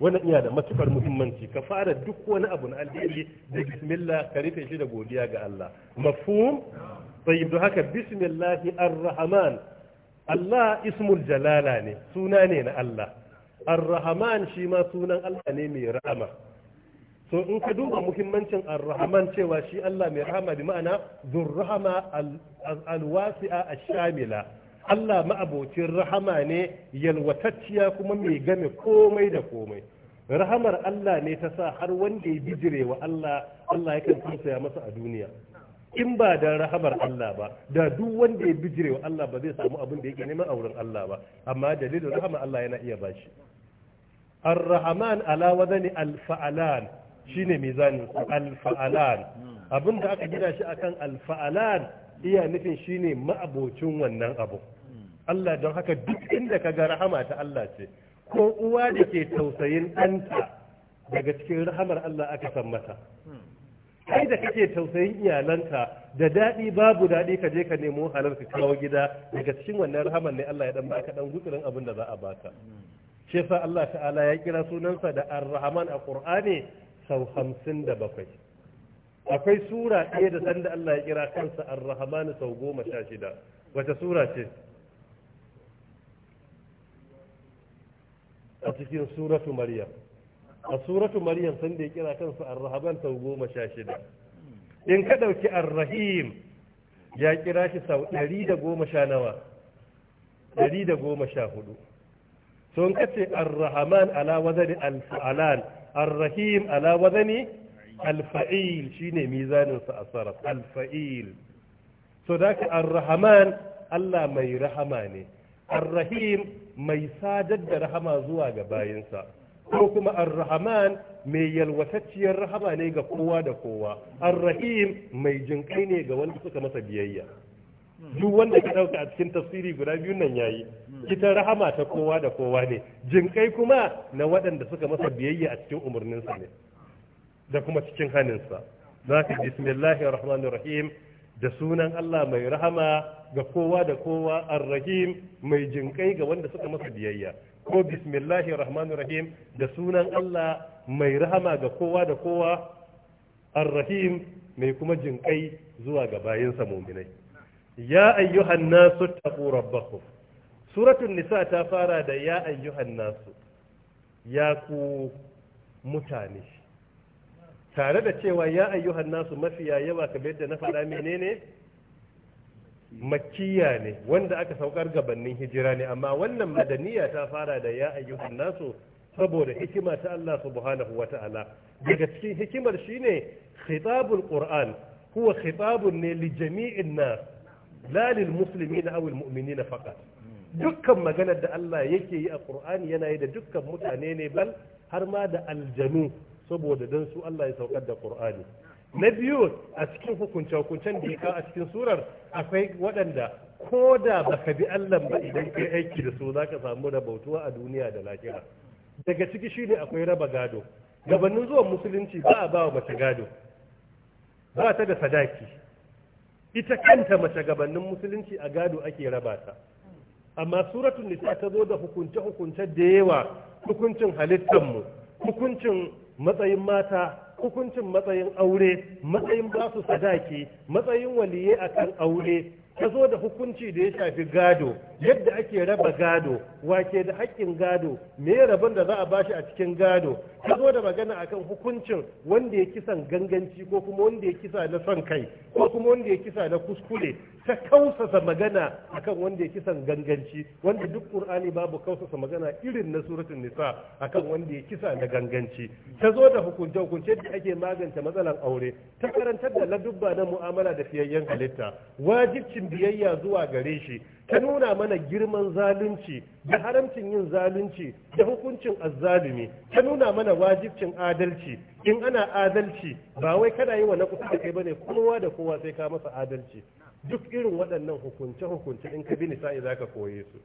wannan iya da matukar muhimmanci ka fara duk wani abu na alheri da bismillah ka rufe shi da godiya ga Allah mafhum tayyib don haka bismillahi arrahman Allah ismul jalala ne suna ne na Allah arrahman shi ma sunan Allah ne mai rahama so in ka duba muhimmancin ar-rahman cewa shi Allah mai rahama bi ma'ana zurrahama al-wasi'a ash-shamila Allah ma'abocin rahama ne yalwatacciya kuma mai game komai da komai rahamar Allah ne ta sa har wanda ya bijire wa Allah Allah yakan tausaya masa a duniya in ba da rahamar Allah ba da duk wanda ya bijire wa Allah ba zai samu abin da yake neman a wurin Allah ba amma dalilin rahama Allah yana iya bashi ar-rahman ala wadani al-fa'alan shine mizani alfa'alan abin da aka gina shi akan alfa'alan iya nufin shine ma'abocin wannan abu Allah don haka duk inda ka ga rahama ta Allah ce ko uwa da ke tausayin ɗanta daga cikin rahamar Allah aka san mata kai da kake tausayin iyalanka da daɗi babu daɗi ka je ka nemo halar ka kawo gida daga cikin wannan rahamar ne Allah ya dan baka dan gutsurin abin da za a baka shi yasa Allah ta'ala ya kira sunansa da Ar-Rahman a Qur'ani sau hamsin da bakwai akwai sura ɗaya da sanda Allah ya kira kansa ar rahman sau goma sha shida wace sura ce a cikin suratu maryam a suratu maryam sanda ya kira kansa ar-rahman sau goma sha shida in ka ɗauki ar-rahim ya kira shi sau ɗari da goma sha nawa ɗari da goma sha hudu sun kace ar-rahman ala wazari al-fa'alan ar-rahim ala wadani al-fa'il shine mizanin a asaraf al-fa'il so daka ar-rahman Allah mai rahama ne ar mai sadar da rahama zuwa ga bayinsa ko kuma ar-rahman mai yalwatacciyar rahama ne ga kowa da kowa ar mai jinkai ne ga wanda suka masa biyayya duk wanda ka ɗauka a cikin tafsiri guda biyu nan yayi ita rahama ta kowa da kowa ne jinkai kuma na waɗanda suka masa biyayya a cikin umarninsa ne da kuma cikin haninsa za ka bismillahir rahmanir rahim da sunan Allah mai rahama ga kowa da kowa ar-rahim mai jinkai ga wanda suka masa biyayya ko bismillahir rahmanir rahim da sunan Allah mai rahama ga kowa da kowa ar-rahim mai kuma jinkai zuwa ga bayinsa muminai ya ayyuhan nasu taqu rabbakum suratul nisa ta fara da ya ayyuhan nasu ya ku mutane tare da cewa ya ayyuhan nasu mafiya yawa kamar yadda na faɗa menene makkiya ne wanda aka saukar gabanin hijira ne amma wannan madaniya ta fara da ya ayyuhan nasu saboda hikima ta Allah subhanahu wa ta'ala daga cikin hikimar shine khitabul qur'an huwa khitabun ne li jami'in nas la musulmi na aw mumini na faka dukkan maganar da Allah yake yi a Qur'ani yana yi da dukkan mutane ne bal har ma da aljanu saboda dan su Allah ya saukar da kur'ani. na biyu a cikin hukunce hukuncen da ya a cikin surar akwai waɗanda ko da baka bi Allah ba idan ka aiki da su zaka samu rabautuwa a duniya da lafiya daga ciki shine akwai raba gado gabanin zuwan musulunci ba a ba wa mace gado ba ta da sadaki ita kanta mace gabanin musulunci a gado ake raba ta amma suratun nisa ta zo da hukunce hukunce da yawa hukuncin halittanmu hukuncin matsayin mata hukuncin matsayin aure matsayin basu sadaki matsayin waliye akan aure ta zo da hukunci da ya shafi gado yadda ake raba gado wake da hakkin gado me rabon da za a bashi a cikin gado ta zo da magana akan hukuncin wanda ya kisan ganganci ko kuma wanda ya kisa na son kai ko kuma wanda ya kisa na kuskure ta kausasa magana akan wanda ya kisan ganganci wanda duk qur'ani babu kausasa magana irin na suratul nisa akan wanda ya kisa na ganganci ta zo da hukunce hukunce da ake magance matsalan aure ta karantar da ladubba na mu'amala da fiyayyen halitta wajibcin biyayya zuwa gare shi ta nuna mana girman zalunci da haramcin yin zalunci da hukuncin azzalumi ta nuna mana wajibcin adalci in ana adalci ba wai kana yi wa na kusa da kai bane kowa da kowa sai ka masa adalci duk irin waɗannan hukunce hukunce in ka bi ni za ka koye su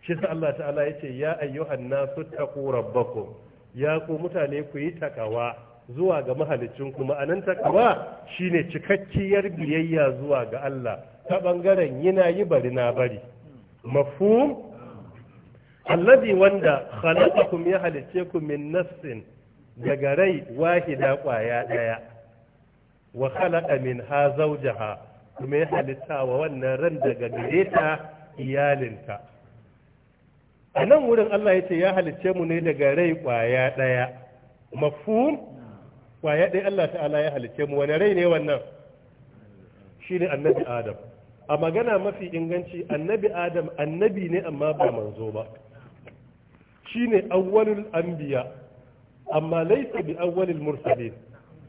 shi sa Allah ta'ala yace ya ayyuhan nasu taqu rabbakum ya ku mutane ku yi takawa zuwa ga mahalicin kuma anan takawa shine cikakkiyar biyayya zuwa ga Allah ta bangaren yana yi bari na bari mafhum alladhi wanda khalaqakum ya halice ku min nafsin daga rai wahida kwaya daya wa khalaqa ha zawjaha kuma ya halitta wa wannan ran daga gare ta iyalinta a nan wurin Allah ya ce ya halicce mu ne daga rai kwaya daya mafhum kwaya daya Allah ta'ala ya halicce mu wani rai ne wannan shine annabi Adam a magana mafi inganci annabi adam annabi ne amma ba manzo ba shi ne awwalul anbiya amma laysa bi awwalil mursalin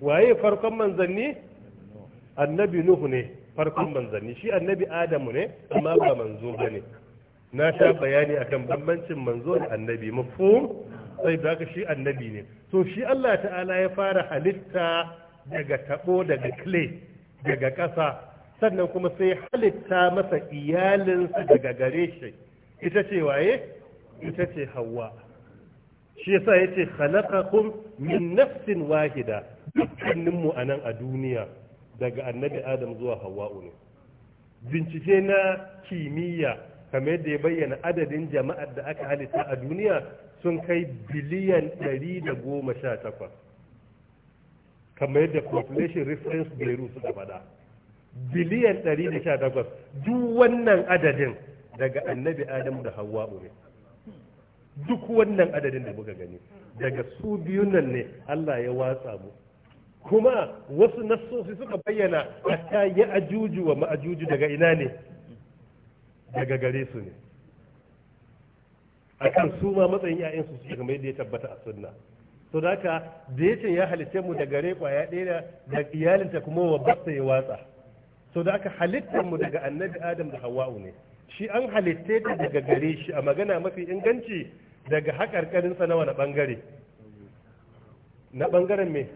waye farkon manzanni annabi nuhu ne farkon manzanni shi annabi adamu ne amma ba manzo ne na sha bayani akan bambancin manzo da annabi mafhum sai da shi annabi ne to shi Allah ta'ala ya fara halitta daga tabo daga clay daga ƙasa sannan kuma sai halitta masa iyalinsa daga gare shi ita ce waye ita ce hawa shi yasa yace khalaqakum min nafsin wahida dukkanin mu nan a duniya daga annabi adam zuwa hawa ne bincike na kimiyya kamar yadda ya bayyana adadin jama'ar da aka halitta a duniya sun kai biliyan ɗari da goma 118 kamar yadda population reference bureau suka faɗa biliyan ɗari da sha 118 duk wannan adadin daga annabi adamu da hawa ne duk wannan adadin da muka gani daga su biyun nan ne Allah ya watsa mu kuma wasu nassosi suka bayyana hatta ya ajuju wa ma'ajuju daga ina ne daga gare su ne akan su ma matsayin ya'yan su kamar yadda ya tabbata a sunna to da haka da ya ce ya mu da gare kwaya ɗaya da iyalinta kuma wa basta ya watsa so da aka halittar mu daga annabi adam da hawa'u ne shi an halitta ta daga gare shi a magana mafi inganci daga haƙarƙarinsa sa na wani ɓangare na ɓangaren me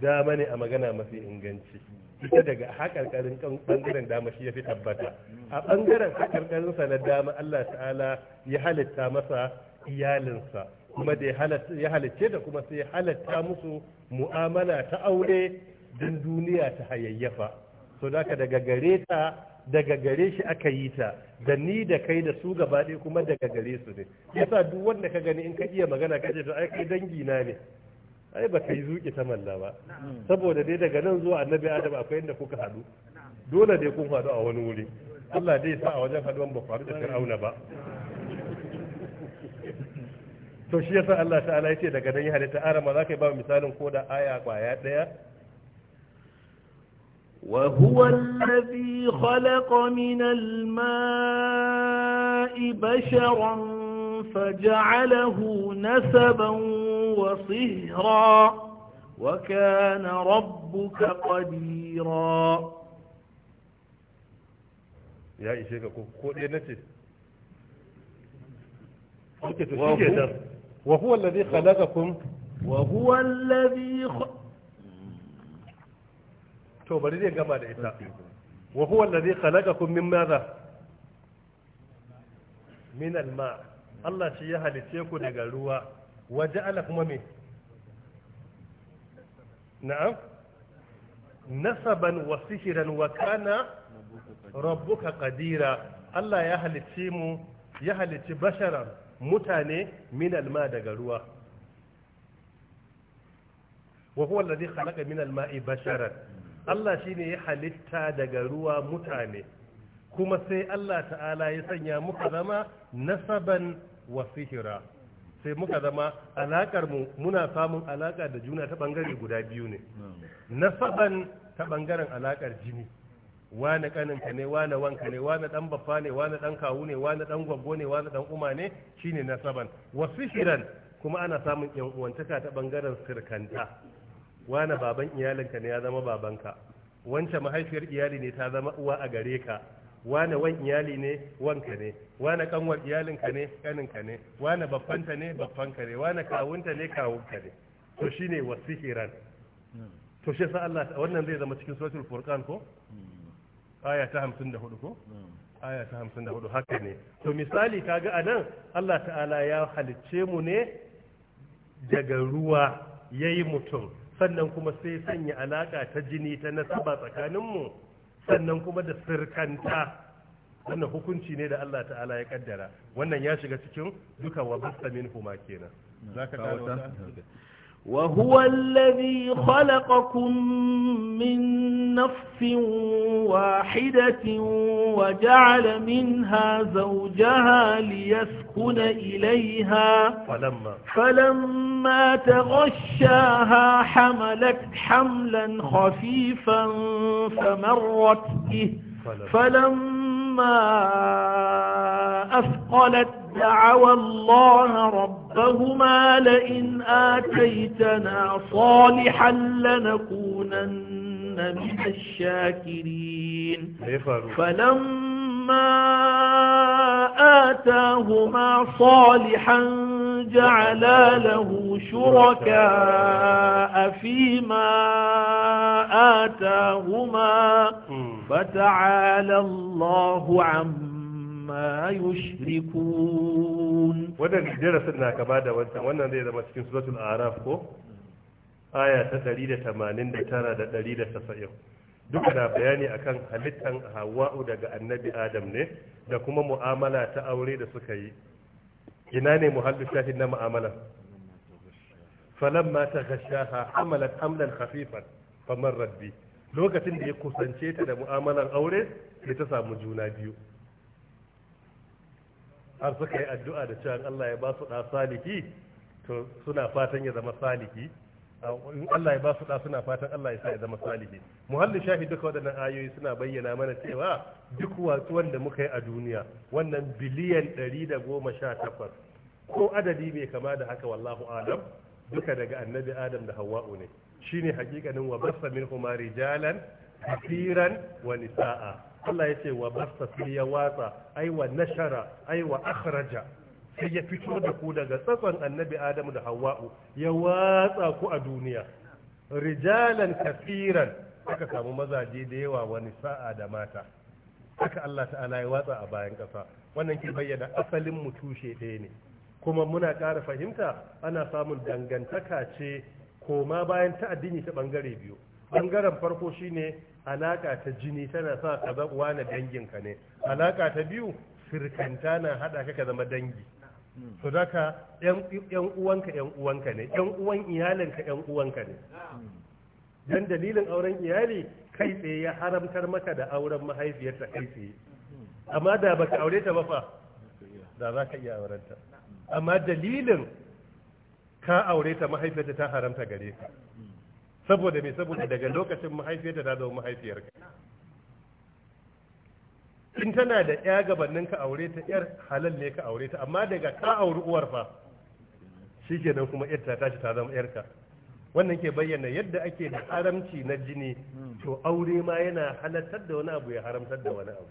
dama ne a magana mafi inganci ita daga haƙarƙarin ɓangaren dama shi ya fi tabbata a ɓangaren haƙarƙarinsa na dama Allah ta'ala ya halitta masa iyalinsa kuma da ya halicce da kuma sai ya halitta musu mu'amala ta aure don duniya ta hayayyafa so da daga gare ta daga gare shi aka yi ta da ni da kai da su gaba ɗaya kuma daga gare su ne yasa duk wanda ka gani in ka iya magana ka ce to ai kai dangi na ne ai ba kai zuƙi ta malla ba saboda dai daga nan zuwa annabi adam akwai yadda kuka haɗu dole dai kun haɗu a wani wuri Allah dai sa a wajen haɗuwan ba faru da fir'auna ba to shi yasa Allah ta'ala yace daga nan ya halitta arama zaka ba misalin ko da aya kwaya ɗaya وهو الذي خلق من الماء بشرا فجعله نسبا وصهرا وكان ربك قديرا يا إشيك قول وهو الذي خلقكم وهو الذي to bari zai gama da ita wa huwa allazi khalaqakum min madha min alma Allah shi ya halice ku daga ruwa wa ja'ala kuma me na'am nasaban wa sihran wa kana rabbuka qadira Allah ya halice mu ya halici basharan mutane min alma daga ruwa wa huwa allazi khalaqa min alma'i basharan Allah shi ne ya halitta daga ruwa mutane kuma sai Allah ta'ala ya sanya muka zama nasaban wa sihira sai muka zama alaƙar mu muna samun alaƙa da juna ta ɓangare guda biyu ne nasaban ta ɓangaren alaƙar jini wane ƙaninka ne wane wanka ne wane ɗan baffa ne wane ɗan kawu ne wane ɗan gwaggo ne wane ɗan uma ne shine nasaban wa sihiran kuma ana samun yan uwantaka ta ɓangaren sirkanta wane baban iyalinka ne ya zama babanka wance mahaifiyar iyali ne ta zama uwa a gare ka wane wan iyali ne wanka ne wane kanwar iyalinka ne kaninka ne wane babbanta ne babbanka ne wane kawunta ne kawunka ne to shine wasihiran to shi sa Allah wannan zai zama cikin suratul furqan ko aya ta 54 ko aya ta 54 haka ne to misali kaga anan Allah ta'ala ya halicce mu ne daga ruwa yayi mutum sannan kuma sai sanya alaƙa ta jini ta nasaba tsakaninmu sannan kuma da sirkanta wannan hukunci ne da Allah ta'ala ya kaddara wannan ya shiga cikin duka wa basta min huma kenan zaka kawo وهو الذي خلقكم من نفس واحدة وجعل منها زوجها ليسكن إليها فلما, فلما تغشاها حملت حملا خفيفا فمرت به فلما أثقلت دعوا الله ربهما لئن آتيتنا صالحا لنكونن من الشاكرين فلما آتاهما صالحا جعلا له شركاء فيما آتاهما فتعالى الله عما ma yushrikun wannan darasin na kama da wancan wannan zai zama cikin suratul araf ko aya ta 189 da 190 duka na bayani akan halittan hawa'u daga annabi adam ne da kuma mu'amala ta aure da suka yi ina ne muhallu shahid na mu'amala falamma ta gashaha amalat amlan khafifan famar rabbi lokacin da ya kusance ta da mu'amalan aure sai ta samu juna biyu har suka yi addu'a da cewa Allah ya ba su da saliki to suna fatan ya zama saliki in Allah ya ba su da suna fatan Allah ya sa ya zama saliki muhallin shafi duka waɗannan ayoyi suna bayyana mana cewa duk watsuwan da muka yi a duniya wannan biliyan ɗari da goma sha takwas ko adadi mai kama da haka wallahu alam duka daga annabi adam da hawa'u ne shine hakikanin wa basa min huma rijalan kafiran wa nisa'a Allah ya ce wa basta sai ya watsa aiwa wa nashara ai wa akhraja sai ya fito da ku daga tsatson annabi Adamu da Hawwa'u ya watsa ku a duniya rijalan kafiran aka samu mazaje da yawa wani sa'a da mata aka Allah ta'ala ya watsa a bayan kasa. wannan ke bayyana asalin mutushe tushe ɗaya ne kuma muna ƙara fahimta ana samun dangantaka ce koma bayan ta addini ta ɓangare biyu bangaren farko shine alaka ta jini tana sa ka zaɓuwa na danginka ne alaka ta biyu firkanta na haɗa ka ka zama dangi so hmm. daga yan uwanka yan uwanka ne yan uwan iyalinka yan uwanka ne hmm. don dalilin auren iyali kai tsaye ya haramtar maka da auren mahaifiyarta kai tsaye hmm. amma da baka aure ta ba fa da za ka iya aurenta amma dalilin ka aure ta mahaifiyarta ta haramta gare ka saboda me saboda daga lokacin mahaifiyarta ta zama mahaifiyarka in tana da ya gabanin ka aure ta yar halal ne ka aure ta amma daga ka auri uwar fa nan kuma yadda ta ta zama yarka wannan ke bayyana yadda ake da haramci na jini to aure ma yana halartar da wani abu ya haramtar da wani abu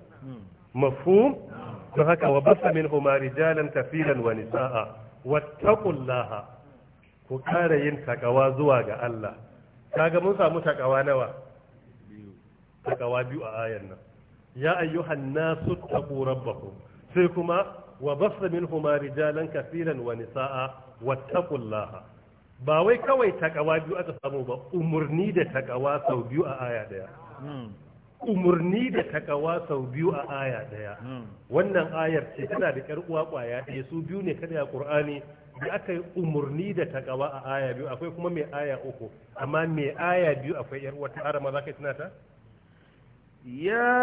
mafu to haka wa basa min huma rijalan kafiran wa nisaa wattaqullaha ku kara yin takawa zuwa ga Allah kaga mun samu takawa nawa takawa biyu a ayan nan ya ayyuhan nasu taqu rabbakum sai kuma wa min humari rijalan kaseeran wa nisaa wattaqullaha ba wai kawai takawa biyu aka samu ba umurni da takawa sau biyu a aya daya hmm. umurni da takawa sau biyu a aya daya hmm. wannan ayar ce tana da yar uwa kwaya ɗaya su biyu ne kada a qur'ani da aka yi umarni da ta takawa a aya biyu akwai kuma mai aya uku amma mai aya biyu akwai yar wata arama za ka yi tunata ya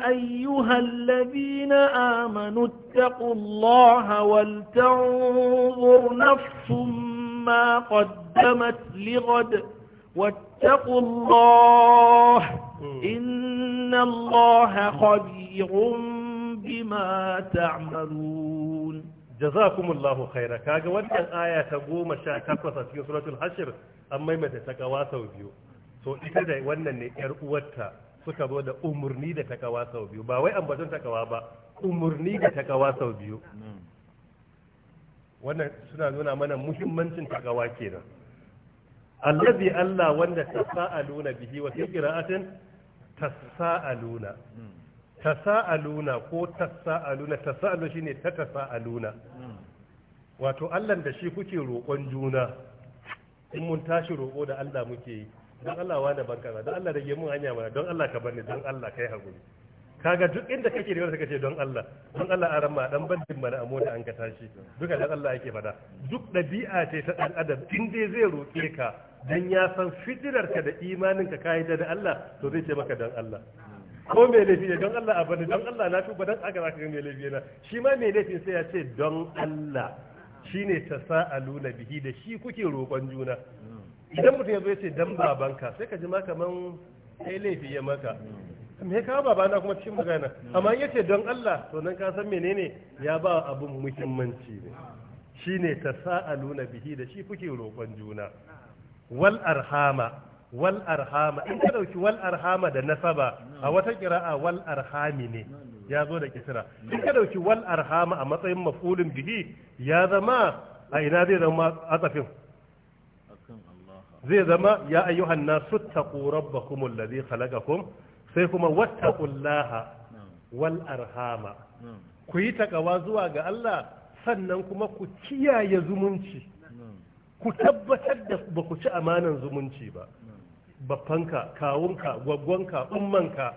أيها الذين آمنوا اتقوا الله ولتنظر نفس ما قدمت لغد واتقوا الله إن الله خبير بما تعملون jazakumullahu khaira kaga wannan aya ta goma sha takwas a cikin suratul hashir an maimaita ta kawa sau biyu so ita da wannan ne yar uwarta suka zo da umurni da ta kawa sau biyu ba wai ambaton ta kawa ba umurni da ta kawa sau biyu wannan suna nuna mana muhimmancin ta kawa kenan allazi Allah wanda tasaaluna bihi wa fi qira'atin tasaaluna hmm. tasa'aluna ko tasa'aluna tasa'alu shine ta tasa'aluna wato Allah da shi kuke roƙon juna in mun tashi roƙo da Allah muke yi don Allah wa da banka don Allah rage mun hanya mana don Allah ka bani don Allah kai hakuri kaga duk inda kake da wanda kace don Allah don Allah a ramma dan bandin mana a mota an ka tashi duka da Allah yake fada duk dabi'a ce ta dan adam in dai zai roke ka dan ya san fitirar ka da imanin ka kai da Allah to zai ce maka dan Allah ko me laifi ne don Allah a bani don Allah na tuba dan aka zaka ga me laifi na shi ma me laifin sai ya ce don Allah Shi ne ta nuna bihi da shi kuke roƙon juna idan mutum ya zo ya ce dan babanka sai ka ji ma kaman kai laifi ya maka me ka babana kuma cikin magana amma ya ce don Allah to nan ka san menene ya ba abun muhimmanci ne shi ne ta nuna bihi da shi kuke roƙon juna wal arhama wal arhama in ka dauki wal arhama da nasaba a wata kira'a wal arhami ne ya zo da kisra in ka dauki wal arhama a matsayin maf'ulin bihi ya zama a ina zai zama azafin zai zama ya ayyuhan nasu taqu rabbakum alladhi khalaqakum sai kuma wattaqullaha wal arhama ku yi takawa zuwa ga Allah sannan kuma ku kiyaye zumunci ku tabbatar da ba ku ci amanan zumunci ba Baffanka, kawunka gwaggwanka ummanka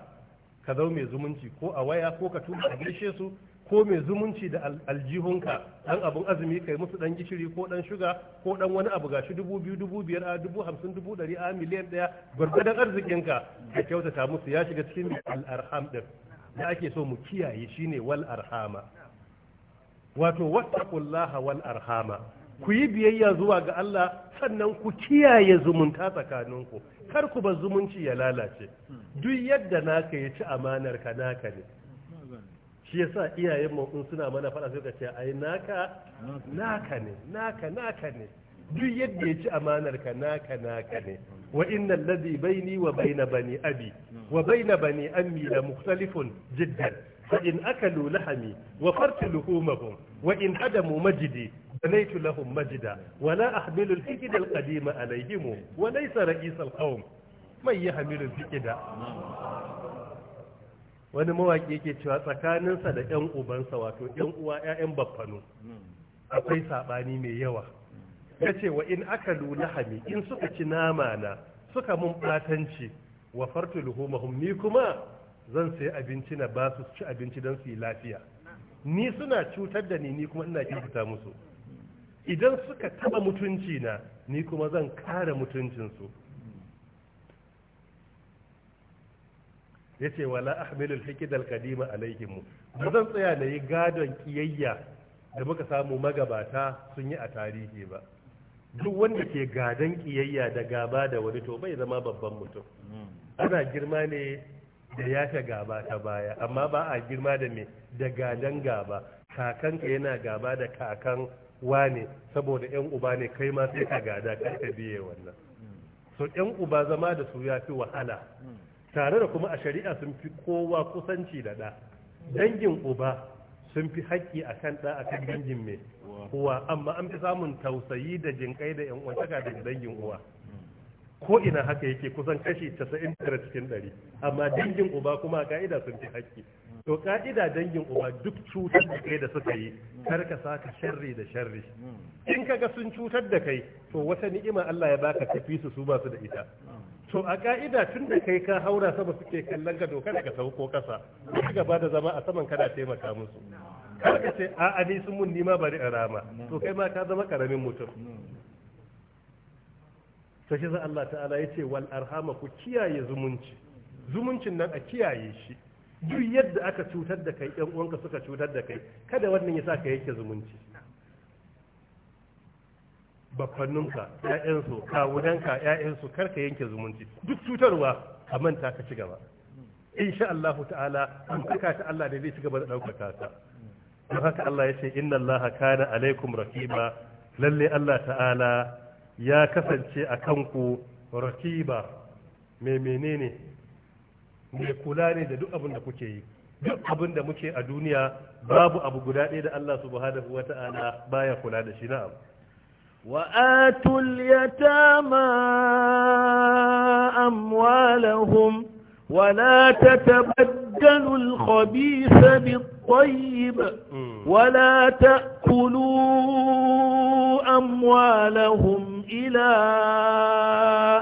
ka zau mai zumunci ko a waya ko ka tuba a gaishe su ko mai zumunci da aljihunka dan abun azumi kai musu ɗan gishiri ko dan shuga ko dan wani abu gashi dubu biyu dubu biyar a dubu hamsin dubu dari a miliyan ɗaya gwargwadon arzikinka ka kyautata musu ya shiga cikin al'arham ɗin da ake so mu kiyaye shine wal arhama wato wattaqullaha wal arhama ku yi biyayya zuwa ga Allah sannan ku kiyaye zumunta tsakaninku kar ku bar zumunci ya lalace duk yadda naka ya ci amanar ka naka ne shi yasa iyayen mu in suna mana fada sai ka ce ai naka naka ne naka naka ne duk yadda ya ci amanar ka naka naka ne wa innal ladhi baini wa baina bani abi wa baina bani ammi la mukhtalifun jiddan fa in akalu lahami wa fartu luhumahum wa in adamu majidi لهم مجدا ولا أحمل الحجد القديم عليهم وليس رئيس القوم من يحمل الحجد wani mawaƙi yake cewa tsakaninsa da 'yan ubansa wato 'yan uwa 'ya'yan baffano akwai saɓani mai yawa Ya ce wa in aka lula Hami in suka ci nama na suka mun ɓatanci wa fartu luhumahum ni kuma zan sai abinci na ba su ci abinci don su yi lafiya ni suna cutar da ni ni kuma ina kyautata musu idan suka taba mutunci na ni kuma zan kare mutuncinsu ya ce wala ahmilul hikidal kadima alaihimu ba zan tsaya na yi gadon kiyayya da muka samu magabata sun yi a tarihi ba duk wanda ke gadon kiyayya da gaba da wani to bai zama babban mutum ana girma ne da yafe gaba ta baya amma ba a girma da me da gadan gaba Kakan ka yana gaba da kakan wane saboda yan uba ne kai ma sai ka gada kai ka biye wannan so yan uba zama da su ya fi wahala tare da kuma a shari'a sun fi kowa kusanci da ɗa dangin uba sun fi haƙƙi a kan ɗa a kan dangin mai uwa amma an fi samun tausayi da jinƙai da 'yan uwa da dangin uwa ko ina haka yake kusan kashi 99 cikin ɗari? amma dangin uba kuma ka'ida sun fi haƙƙi to ka'ida dangin uba duk cutar da kai da suka yi kar ka saka sharri da sharri in kaga sun cutar da kai to wata ni'ima Allah ya baka tafi su su ba da ita to a ka'ida tun da kai ka haura saboda suke kallon ka doka daga sauko kasa ka gaba da zama a saman kana taimaka musu kar ka ce a'a ni sun mun nima bari in rama to kai ma ka zama karamin mutum to shi za Allah ta'ala ya ce wal arhama ku kiyaye zumunci zumuncin nan a kiyaye shi duk yadda aka cutar da kai ɗan uwanka suka cutar da kai kada wannan ya sa ka yake zumunci bakwanninka ƴaƴansu kawunanka ƴaƴansu kar ka yanke zumunci duk cutarwa a manta ka ci gaba insha Allah ta'ala an saka ta Allah da zai ci gaba da ɗaukaka ta don haka Allah ya ce inna Allah kana alaikum rakiba lalle Allah ta'ala ya kasance a kanku rakiba mai menene mai kula ne da duk abin da kuke yi duk abin da muke a duniya babu abu guda ɗaya da Allah subhanahu wata'ala baya kula da shi na'am وآتوا اليتامى amwalahum ولا تتبدلوا الخبيث بالطيب ولا تأكلوا أموالهم إلى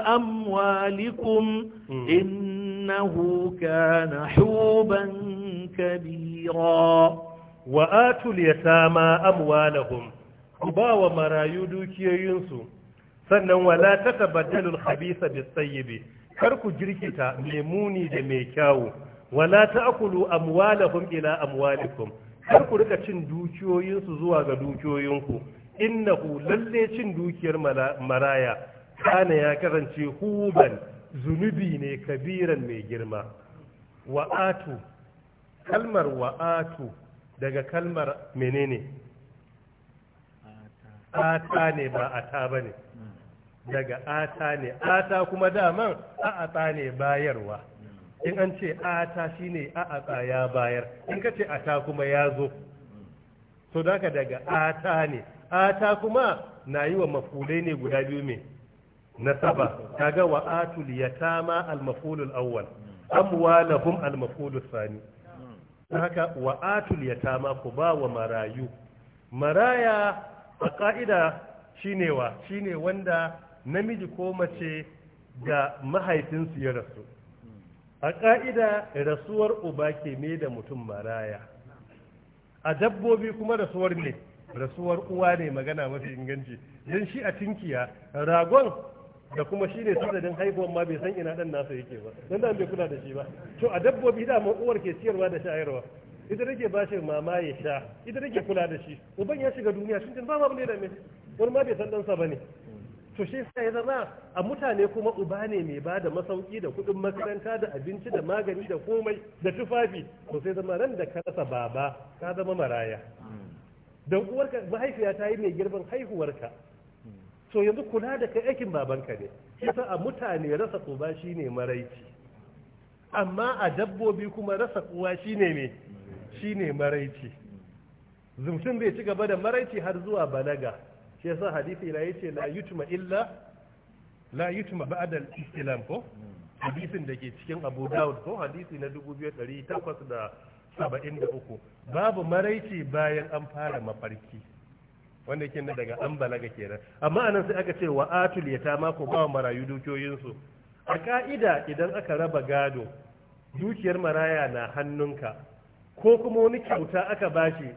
أموالكم إنه كان حوبا كبيرا وآتوا اليتامى أموالهم كبا ومرايو دوكيو ينسو sannan wala ta tabbatalul khabisa bis tayyibi kar ku jirkita mai muni da mai kyawu wala ta'kulu amwalahum ila amwalikum kar ku rika cin dukiyoyinsu zuwa ga dukiyoyinku innahu lalle cin dukiyar maraya kana ya karance huban zunubi ne kabiran mai girma wa'atu kalmar wa'atu daga kalmar menene ata ne ba ata bane hmm. daga ata ne ata kuma daman a'ata ne bayarwa in an ce ata shine a'ata ya bayar in ka ce ata kuma ya zo so daga daga ata ne ata kuma na yi wa mafulai ne guda biyu mai nasaba kaga wa atul yatama al mafulul awwal amwalahum al mafulul sani haka wa atul yatama ku ba wa marayu maraya a ka'ida shine wa shine wanda namiji ko mace ga mahaifinsu ya rasu a ƙa'ida rasuwar uba ke me da mutum maraya a dabbobi kuma rasuwar ne rasuwar uwa ne magana mafi inganci don shi a tinkiya ragon da kuma shi ne sanadin haihuwan ma bai san ina dan nasa yake ba don da bai kula da shi ba to a dabbobi da uwar ke ciyarwa da shayarwa ita take ba shi mama ya sha ita take kula da shi uban ya shiga duniya shi ba ma ne da me wani ma bai san dan sa bane to shi sai zama a mutane kuma uba ne mai ba da masauki da kuɗin makaranta da abinci da magani da komai da tufafi to sai zama ran da ka rasa baba ka zama maraya dan uwarka mahaifiya ta yi mai girman haihuwarka To yanzu kula da kai aikin babanka ne yasa a mutane rasa uba shine maraici amma a dabbobi kuma rasa uwa shine me shine maraici zumtun bai ci gaba da maraici har zuwa balaga shi yasa hadisi ila yace la yutma illa la yutma ba'da al-islam ko hadisin da ke cikin Abu Dawud ko hadisi na 2873 babu maraici bayan an fara mafarki wanda yake daga an balaga kenan amma anan sai aka ce wa atul yatama ko ba marayu dukiyoyinsu a ka'ida idan aka raba gado dukiyar maraya na hannunka ko kuma wani kyauta aka bashi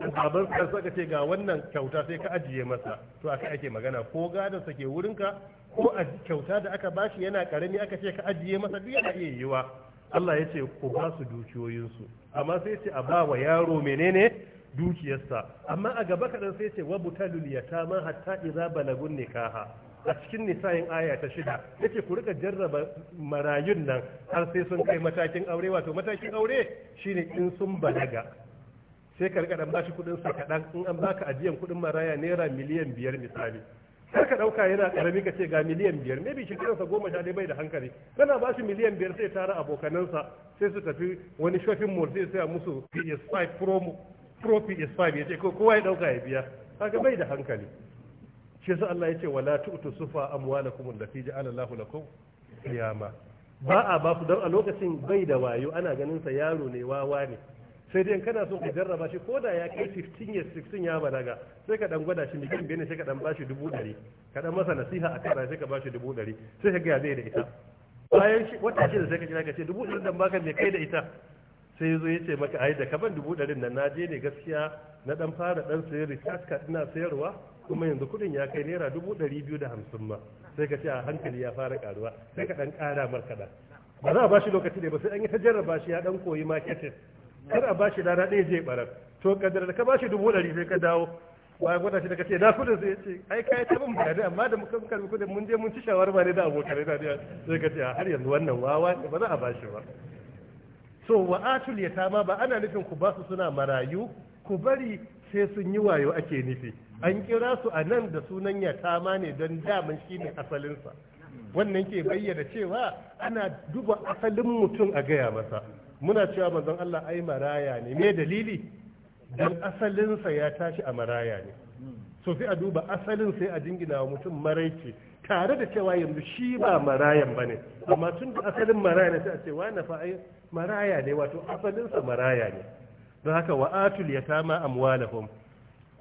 baban ka saka ce ga wannan kyauta sai ka ajiye masa to aka ake magana ko gadon sa ke wurinka ko a kyauta da aka bashi yana karami aka ce ka ajiye masa duk yana iya yiwa Allah ya ce ku ba su dukiyoyinsu amma sai ce a ba wa yaro menene dukiyarsa amma a gaba kaɗan sai ce wabu ta yatama hatta idza balagun nikaha a cikin nisayin aya ta shida yace ku rika jarraba marayun nan har sai sun kai matakin aure wato matakin aure shine in sun balaga sai ka rika dan bashi kudin sa kadan in an baka ajiyan kudin maraya naira miliyan biyar misali kar ka dauka yana karami ka ce ga miliyan biyar ne bi shekarun sa goma sha dai bai da hankali kana ba shi miliyan biyar sai tara abokanansa sai su tafi wani shopping mall sai sai musu PS5 Pro pro PS5 ce ko kowa ya dauka ya biya kaga bai da hankali shi sa Allah yace wala tu'tu sufa amwalakum allati ja'ala Allahu lakum qiyama ba a ba su dan a lokacin bai da wayo ana ganin sa yaro ne wawa ne sai dai kana so ka jarraba shi ko da ya kai 15 years 16 ya balaga sai ka dan gwada shi mikin bene sai ka dan bashi dubu ɗari ka dan masa nasiha a kan sai ka bashi dubu ɗari sai ka ga zai da ita bayan shi wata da sai ka kira ka ce dubu ɗari dan baka mai kai da ita sai zo ya ce maka ai da ban dubu ɗarin nan na je ne gaskiya na dan fara dan sayar research card ina sayarwa kuma yanzu kudin ya kai naira dubu ɗari biyu da hamsin ma sai ka ce a hankali ya fara karuwa sai ka dan ƙara mar kaɗan ba za a bashi lokaci ne ba sai an yi ta jarraba shi ya dan koyi marketing kar a bashi rana ɗaya zai barar to kadar da ka bashi dubu ɗari sai ka dawo bayan gwada shi daga ce na da sai ce ai kai ta bin bayani amma da muka karbi kudin mun je mun ci shawarma ne da abokanai da zai ka ce har yanzu wannan wawa ne ba za a bashi ba so wa atul ma ba ana nufin ku basu suna marayu ku bari sai sun yi wayo ake nufi an kira su a nan da sunan yatama ne don daman shi ne asalinsa wannan ke bayyana cewa ana duba asalin mutum a gaya masa muna cewa manzon Allah ai maraya ne me dalili dan asalinsa ya tashi a maraya ne so sai a duba asalin sai a jingina wa mutum maraice tare da cewa yanzu shi ba marayan ba ne amma tun da asalin maraya ne sai a ce wa na fa ai maraya ne wato asalinsa maraya ne don haka wa atul yatama amwalahum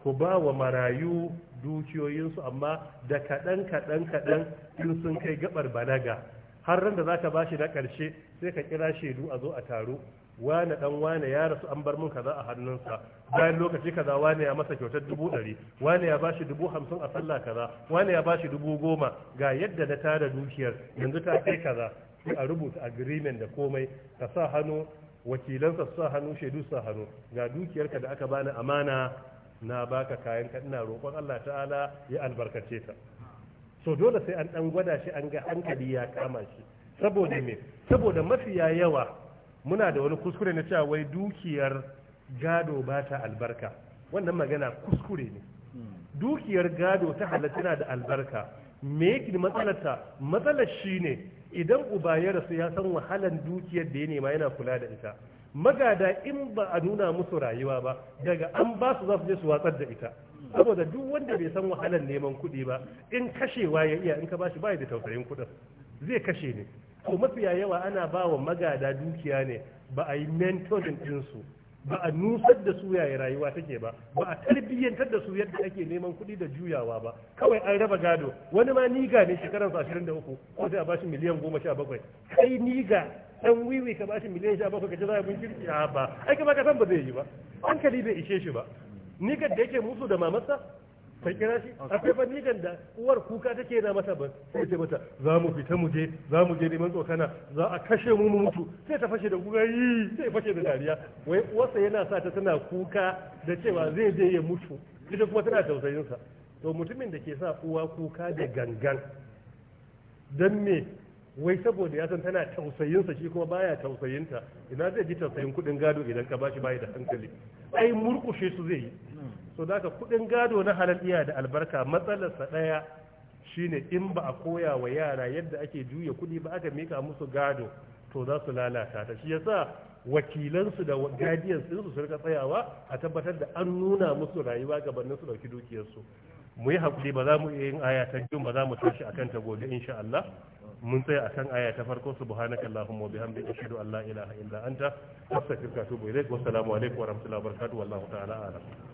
ku ba wa marayu dukiyoyinsu amma da kaɗan kaɗan kaɗan in sun kai gabar balaga har ran da ba shi na ƙarshe sai ka kira shaidu a zo a taro wane dan wane ya rasu an bar mun kaza a hannunsa bayan lokaci kaza wane ya masa kyautar dubu ɗari wane ya bashi dubu hamsin a sallah kaza wane ya bashi dubu goma ga yadda na tara dukiyar yanzu ta kai kaza sai a rubuta agreement da komai ka sa hannu wakilansa su sa hannu shaidu sa hannu ga dukiyarka da aka bani amana na baka kayan ka ina roƙon Allah ta'ala ya albarkace ta so dole sai an dan gwada shi an ga hankali ya kama shi saboda me saboda mafiya yawa muna da wani kuskure na cewa wai dukiyar gado ba ta albarka wannan magana kuskure ne dukiyar gado ta halatta da albarka me yake matsalarta matsalar shi ne idan uba ya rasu ya san wahalan dukiyar da ya nema yana kula da ita magada in ba a nuna musu rayuwa ba daga an ba su za su je su watsar da ita saboda duk wanda bai san wahalan neman kuɗi ba in kashewa ya iya in ka bashi ba da tausayin kuɗin zai kashe ne ko mafiya yawa ana ba wa magada dukiya ne ba a yi mentoring ɗinsu ba a nusar da su yaya rayuwa take ba ba a tarbiyyantar da su yadda ake neman kuɗi da juyawa ba kawai an raba gado wani ma niga ne shekaran sa da ko sai a bashi miliyan goma kai niga ɗan wiwi ka bashi miliyan sha ka ji za a bin kirki ba ai kuma ka san ba zai yi ba hankali bai ishe shi ba nigar da yake musu da mamarsa sai kira shi faifan bannigan da uwar kuka take yana mata ba sai ce mata za mu fita mu je za mu je neman tsokana za a kashe mu mu mutu sai ta fashe da kuka yi sai fashe da dariya wai uwarsa yana sa ta tana kuka da cewa zai je ya mutu ita kuma tana tausayin sa to mutumin da ke sa uwa kuka da gangan dan me wai saboda ya san tana tausayin sa shi kuma baya tausayin ta ina zai ji tausayin kudin gado idan ka bashi bai da hankali ai murkushe su zai yi hmm. so da kudin gado na halal iya da albarka matsalarsa daya shine in ba a koya wa yara yadda ake juya kudi ba aka mika musu gado to za su lalata ta shi yasa wakilansu da guardians ɗinsu su rika tsayawa a tabbatar da an nuna musu rayuwa gabanin su dauki dukiyarsu mu yi haƙuri ba za mu iya yin aya ta biyu ba za mu tashi akan ta gobe insha Allah mun tsaya akan aya ta farko subhanaka allahumma wa bihamdika ashhadu an la ilaha illa anta astaghfiruka wa atubu ilaik wa assalamu alaikum wa rahmatullahi wa barakatuh wallahu ta'ala a'lam